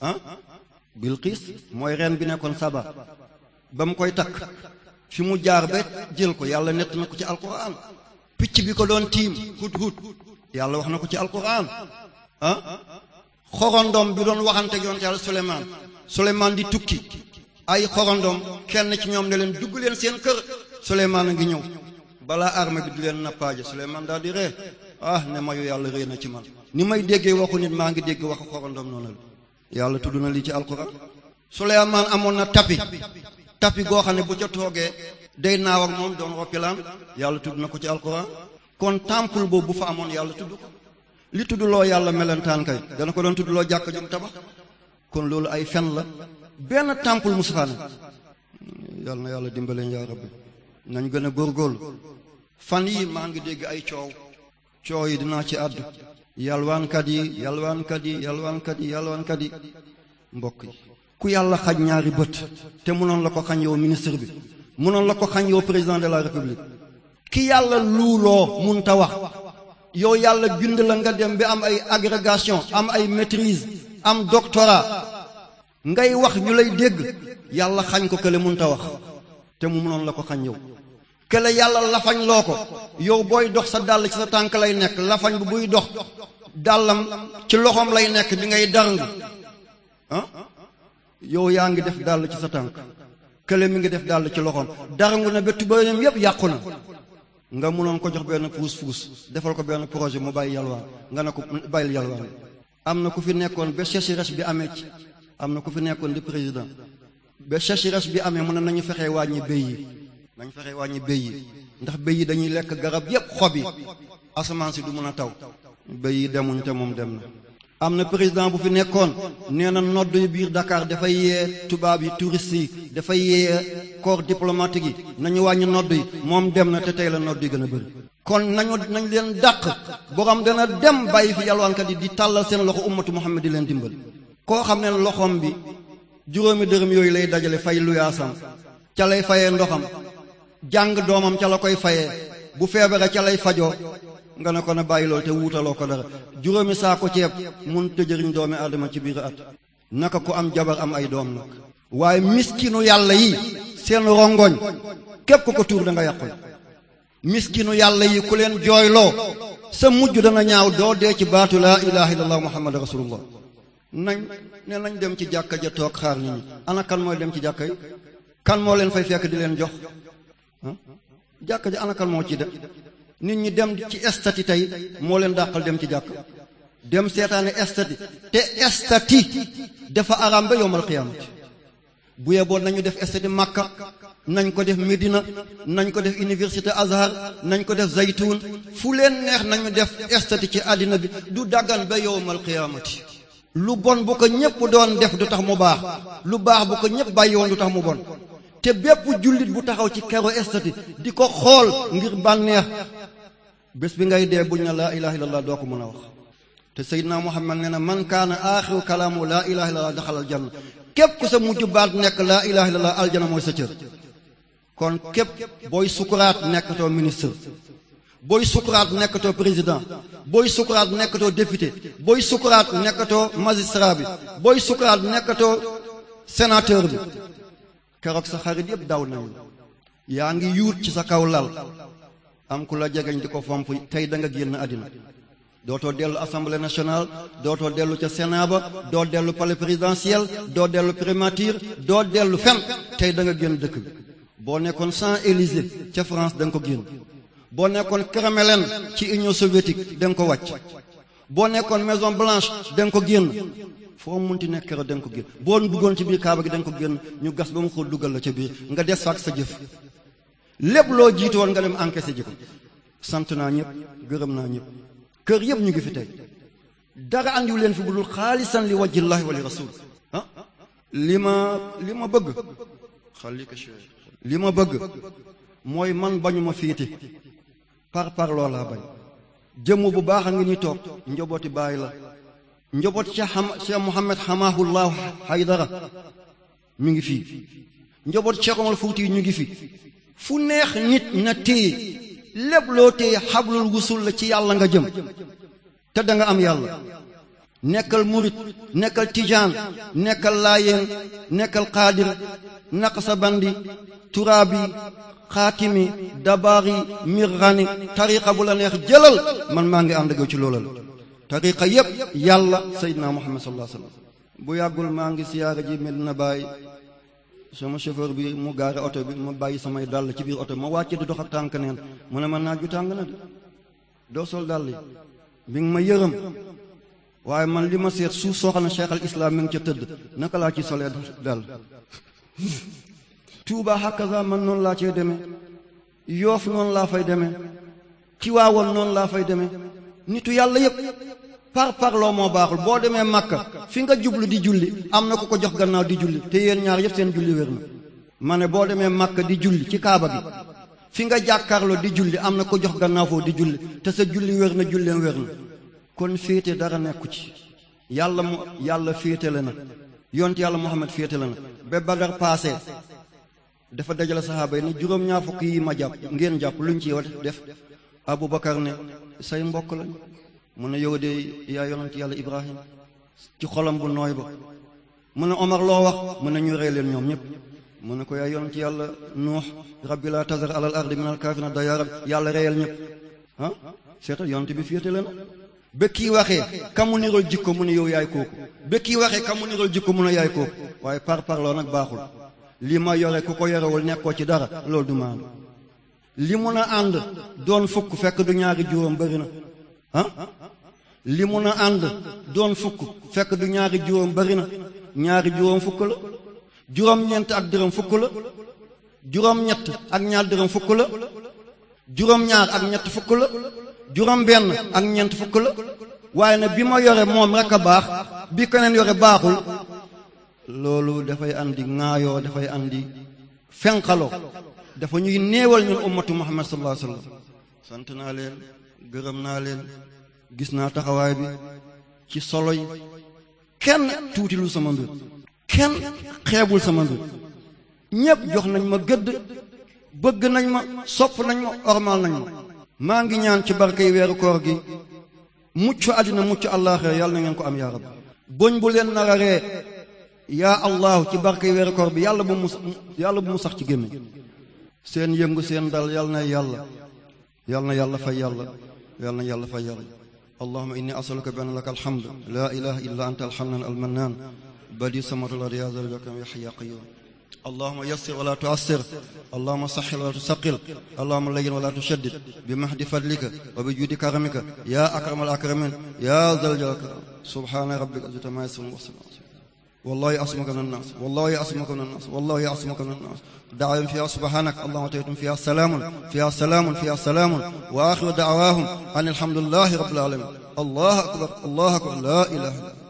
ah bilqiis mooy reen bi nekkoon saba ba mu koy takk fi mu jaar ba jël ko yàlla nett na ko ci alquran picc bi ko doon tiim hut hut yàlla wax na ko ci alquran ah xorondom bi doon waxante yoon yàlla Suleymaan Suleymaan di tukki ay xorondom kenn ci ñoom ne leen dugg leen seen kër Suleymaan a ngi ñëw balaa armée bi di leen nappaaje Suleymaan daal di ree ah ne mayu yàlla rëy na ci man ni may déggee waxu nit maa ngi dégg waxu xorondom noonu la yàlla tudd na lii ci alquran Suleymaan amoon na tapi tapi goo xam ne bu ca toogee day naaw ak moom doon roppilaan yàlla tudd na ko ci alquran kon temple boobu bu fa amoon yàlla tudd ko li tuddloo yàlla melentaan kay dana ko doon tuddloo jàkk jum tabax kon loolu ay fen la benn temple musafaane yàlla na yàlla dimbaleen yaa rabbi nañ gën a góorgóorlu fan yi maa ngi dégg ay coow coow yi dinaa ci àddu yalwaankat yi yalwaankat yi yalwaankat yi yalwaankat yi mbokk yi ku yàlla xañ ñaari bët te mënoon la ko xañ yow ministre bi mënoon la ko xañ yow président de la république ki yàlla luuloo mun ta wax yow yàlla bind la nga dem bi am ay agrégation am ay maîtrise am doctorat ngay wax ñu lay dégg yàlla xañ ko kële mun ta wax te mu mënoon la ko xañ yow ke la yàlla lafañ loo ko yow booy dox sa dàll ci sa tànk lay nekk lafañ bu buy dox dàllam ci loxoom lay nekk bi ngay darangu ah yow yaa ngi def dàll ci sa tànk kële mi ngi def dàll ci loxoom darangu ne ba tubaayam yëpp yàqu na nga mënoon ko jox benn fuus fuus defal ko benn projet mu bàyyi yalwaan nga ne ko bàyyil yalwaan am na ku fi nekkoon ba sécheresse bi amee ci am na ku fi nekkoon di président ba sécheresse bi amee mën nañu fexee wàññi béy yi nañ fexe wàññi béy yi ndax béy yi dañuy lekk garab yépp xob yi asamaan si du mën a taw béy yi demuñ te moom dem na am na président bu fi nekkoon nee na nodd yu biir Dakar dafay yee tubaab yi touristes yi dafay yee corps diplomatique yi nañu wàññi nodd yi moom dem na te tey la nodd yi gën a bëri kon nañu nañ leen dàq borom dana dem bàyyi fi yalwaankat yi di tàllal seen loxo ummatu Muhammad di leen dimbali koo xam ne loxoom bi juróomi dërëm yooyu lay dajale fay luyaasam ca lay fayee ndoxam jàng doomam ca la koy fayee bu feebare ca lay fajoo nga ne ko na bàyyi te wuutaloo ko dara juróomi saako ceeb mun tëjëriñ doomi aadama ci biir at naka ko am jabar am ay doom nag waaye miskinu yàlla yi seen rongoñ képp ku ko tuur da nga yàqul miskinu yàlla yi ku leen jooyloo sa mujj dana ñaaw doo dee ci baatu laa ilaha illallah muhammad rasulullah nañ ne nañ dem ci jàkka ja toog xaar nit ñi ana kan mooy dem ci jàkka yi kan moo leen fay fekk di leen jox jàkk ji anakal moo ci de nit ñi dem ci estati tey moo leen dàqal dem ci jàkk dem seetaane estati te estati dafa araam ba yowmal xiyaamati bu yeboon nañu def estati Makka nañ ko def Medina nañ ko def université Azhar nañ ko def Zaytun fu leen neex nañu def estati ci àddina bi du daggan ba yowmal xiyaamati lu bon bu ko ñëpp doon def du tax mu baax lu baax bu ko ñëpp bàyyi woon du tax mu bon te bépp jullit bu taxaw ci kero estati di ko xool ngir bànneex bés bi ngay dee buñ ne laa ilaha illallah doo ko mën a wax te Seydina Muhammad nee na man kaana aaxiru kalaamu laa ilaha illallah daxal aljanna képp ku sa mujj baat nekk laa ilaha illallah aljana mooy sa cër kon képp booy sukuraat nekkatoo ministre booy sukuraat nekkatoo président booy sukuraat nekkatoo député booy sukuraat nekkatoo magistrat bi booy sukuraat nekkatoo sénateur bi keroog sa xarit yëpp daw nañu yaa ngi yuut ci sa kaw lal am ku la jegeñ di ko fomp tey da nga génn àddina dootoo dellu assemblée nationale dootoo dellu ca sénat doo dellu palais présidentiel doo dellu primature doo dellu fen tey da génn dëkk bi boo nekkoon san élysées ca France da ko génn boo nekkoon Kremlin ci Union soviétique da nga ko wàcc boo nekkoon Maison Blanche da ko génn foo munti nekk keroog danga ko génn boo duggoon ci biir kaaba gi danga ko génn ñu gas ba mu xool duggal la ca biir nga des faak sa jëf lépp loo jiitu woon nga dem encaissé ji ko sant naa ñëpp gërëm naa ñëpp kër yëpp ñu ngi fi tey dara andiwu leen fi bu dul xaalisan li wajhillahi wa li rasul ah li ma li ma bëgg xalika li ma bëgg mooy man bañu ma fiiti par par loo bañ jëmm bu baax a ngi ni toog njobooti bàyyi la njaboot Cheikh xam Cheikh Mouhamed Hamahullah Haydara mi ngi fii njaboot Cheikh Omar ñu ngi fi fu neex nit na téye lépp loo téye xablul wusul ci yàlla nga jëm te da nga am yàlla nekkal murit nekkal tijaan nekkal laayeen nekkal xaadir naqsabandi turaabi xaatimi dabaari mirrani tariqa a la neex jëlal man maa ngi ànd ak ci loolal tariqa yépp yàlla seydina muhammad sallallahu alayhi wasallam bu yàggul maa ngi siyaara ji Medina Baye sama chauffeur bi mu gaare oto bi ma bàyyi samay dàll ci biir oto bi ma wàcce di dox ak tànk neen mu ne ma naaj bi tàng na de doo sol dàll yi mi ngi ma yërëm waaye man li ma seet suuf soo xam ne cheikh al islam mi ngi ca tëdd naka laa ci solee dàll Touba hakaza man noonu laa cee demee Yoof noonu laa fay demee Tiwaawan noonu laa fay demee nitu yàlla yépp par parloo moo baaxul boo demee Makka fi nga jublu di julli am na ku ko jox gannaaw di julli te yéen ñaar yëpp seen julli wér na ma ne boo demee Makka di julli ci kaaba gi fi nga jàkkaarloo di julli am na ko jox gannaaw foofu di julli te sa julli wér na julleen wér na kon féete dara nekku ci yàlla mu yàlla féetale na yonte yàlla Muhammad féetale na ba Badar paase dafa dajale saxaaba yi ne juróom-ñaar fukk yi ma jàpp ngeen jàpp luñ ci wa def Abu Bakar ne say mbokk lañ mun na yow de yaa yonent yàlla Ibrahim ci xolam bu nooy ba mun na Omar loo wax mun na ñu rey leen ñoom ñëpp mun na ko yaa yonent yàlla Nuux rabbi laa tazar alal ardi minal kaafirina dayyaaran yàlla reyal ñëpp ah seetal yonent bi féete leen ba kii waxee kamu niral jikko mu ne yow yaay kooku ba kii waxee kamu mu ne yaay kooku waaye par parloo nag baaxul li ma yore ku ko yorewul nekkoo ci dara loolu du maandu li mun a ànd doon fukk fekk du ñaari juróom bëri na ah, li mun a ànd doon fukk fekk du ñaari juróom bari na ñaari juróom fukk la juróom-ñeent ak dërëm fukk la juróom-ñett ak ñaar dërëm fukk la juróom-ñaar ak ñett fukk la juróom-benn ak ñeent fukk la waaye ne bi ma yore moom rek a baax bi keneen yore baaxul loolu dafay andi ŋaayoo dafay andi fenqaloo dafa ñuy néewal ñun ummatu Muhammad sallallahu sant naa leen gërëm naa leen gis naa taxawaay bi ci solo yi kenn tuutilu sama mbir kenn xeebul sama mbir ñépp jox nañ ma gëdd bëgg nañ ma sopp nañ ma ormal nañ ma maa ngi ñaan ci yi weeru koor gi mucc àddina mucc àllaaxira yàlla na ngeen ko am yaa rab boñ bu leen nar a ree yaa allahu ci barkey weeru koor bi yàlla bu mu yàlla bu sax ci gémmiñ seen yëngu seen dal yàlla na yàlla yàlla na yàlla fay yàlla yàlla na yàlla yàlla allahuma inni asaluka bi anna laka alhamd laa ilaha illa anta alxannan almannaan badi samatul ardi ya zal jalali ya hayyu qayyum allahuma yassir wala tuassir allahuma saxil wala tusaqil allahuma layyin wala tushaddid bi mahdi fadlika wa bi juudi karamika ya akramal akramin ya zal jalali subhaana rabbika izzati amma yasifun والله يعصمك من الناس والله يعصمك من الناس والله يعصمك من الناس دعاهم فيها سبحانك اللهم تيتم فيها سلام فيها سلام فيها سلام وآخر دعواهم أن الحمد لله رب العالمين الله أكبر الله أكبر لا إله إلا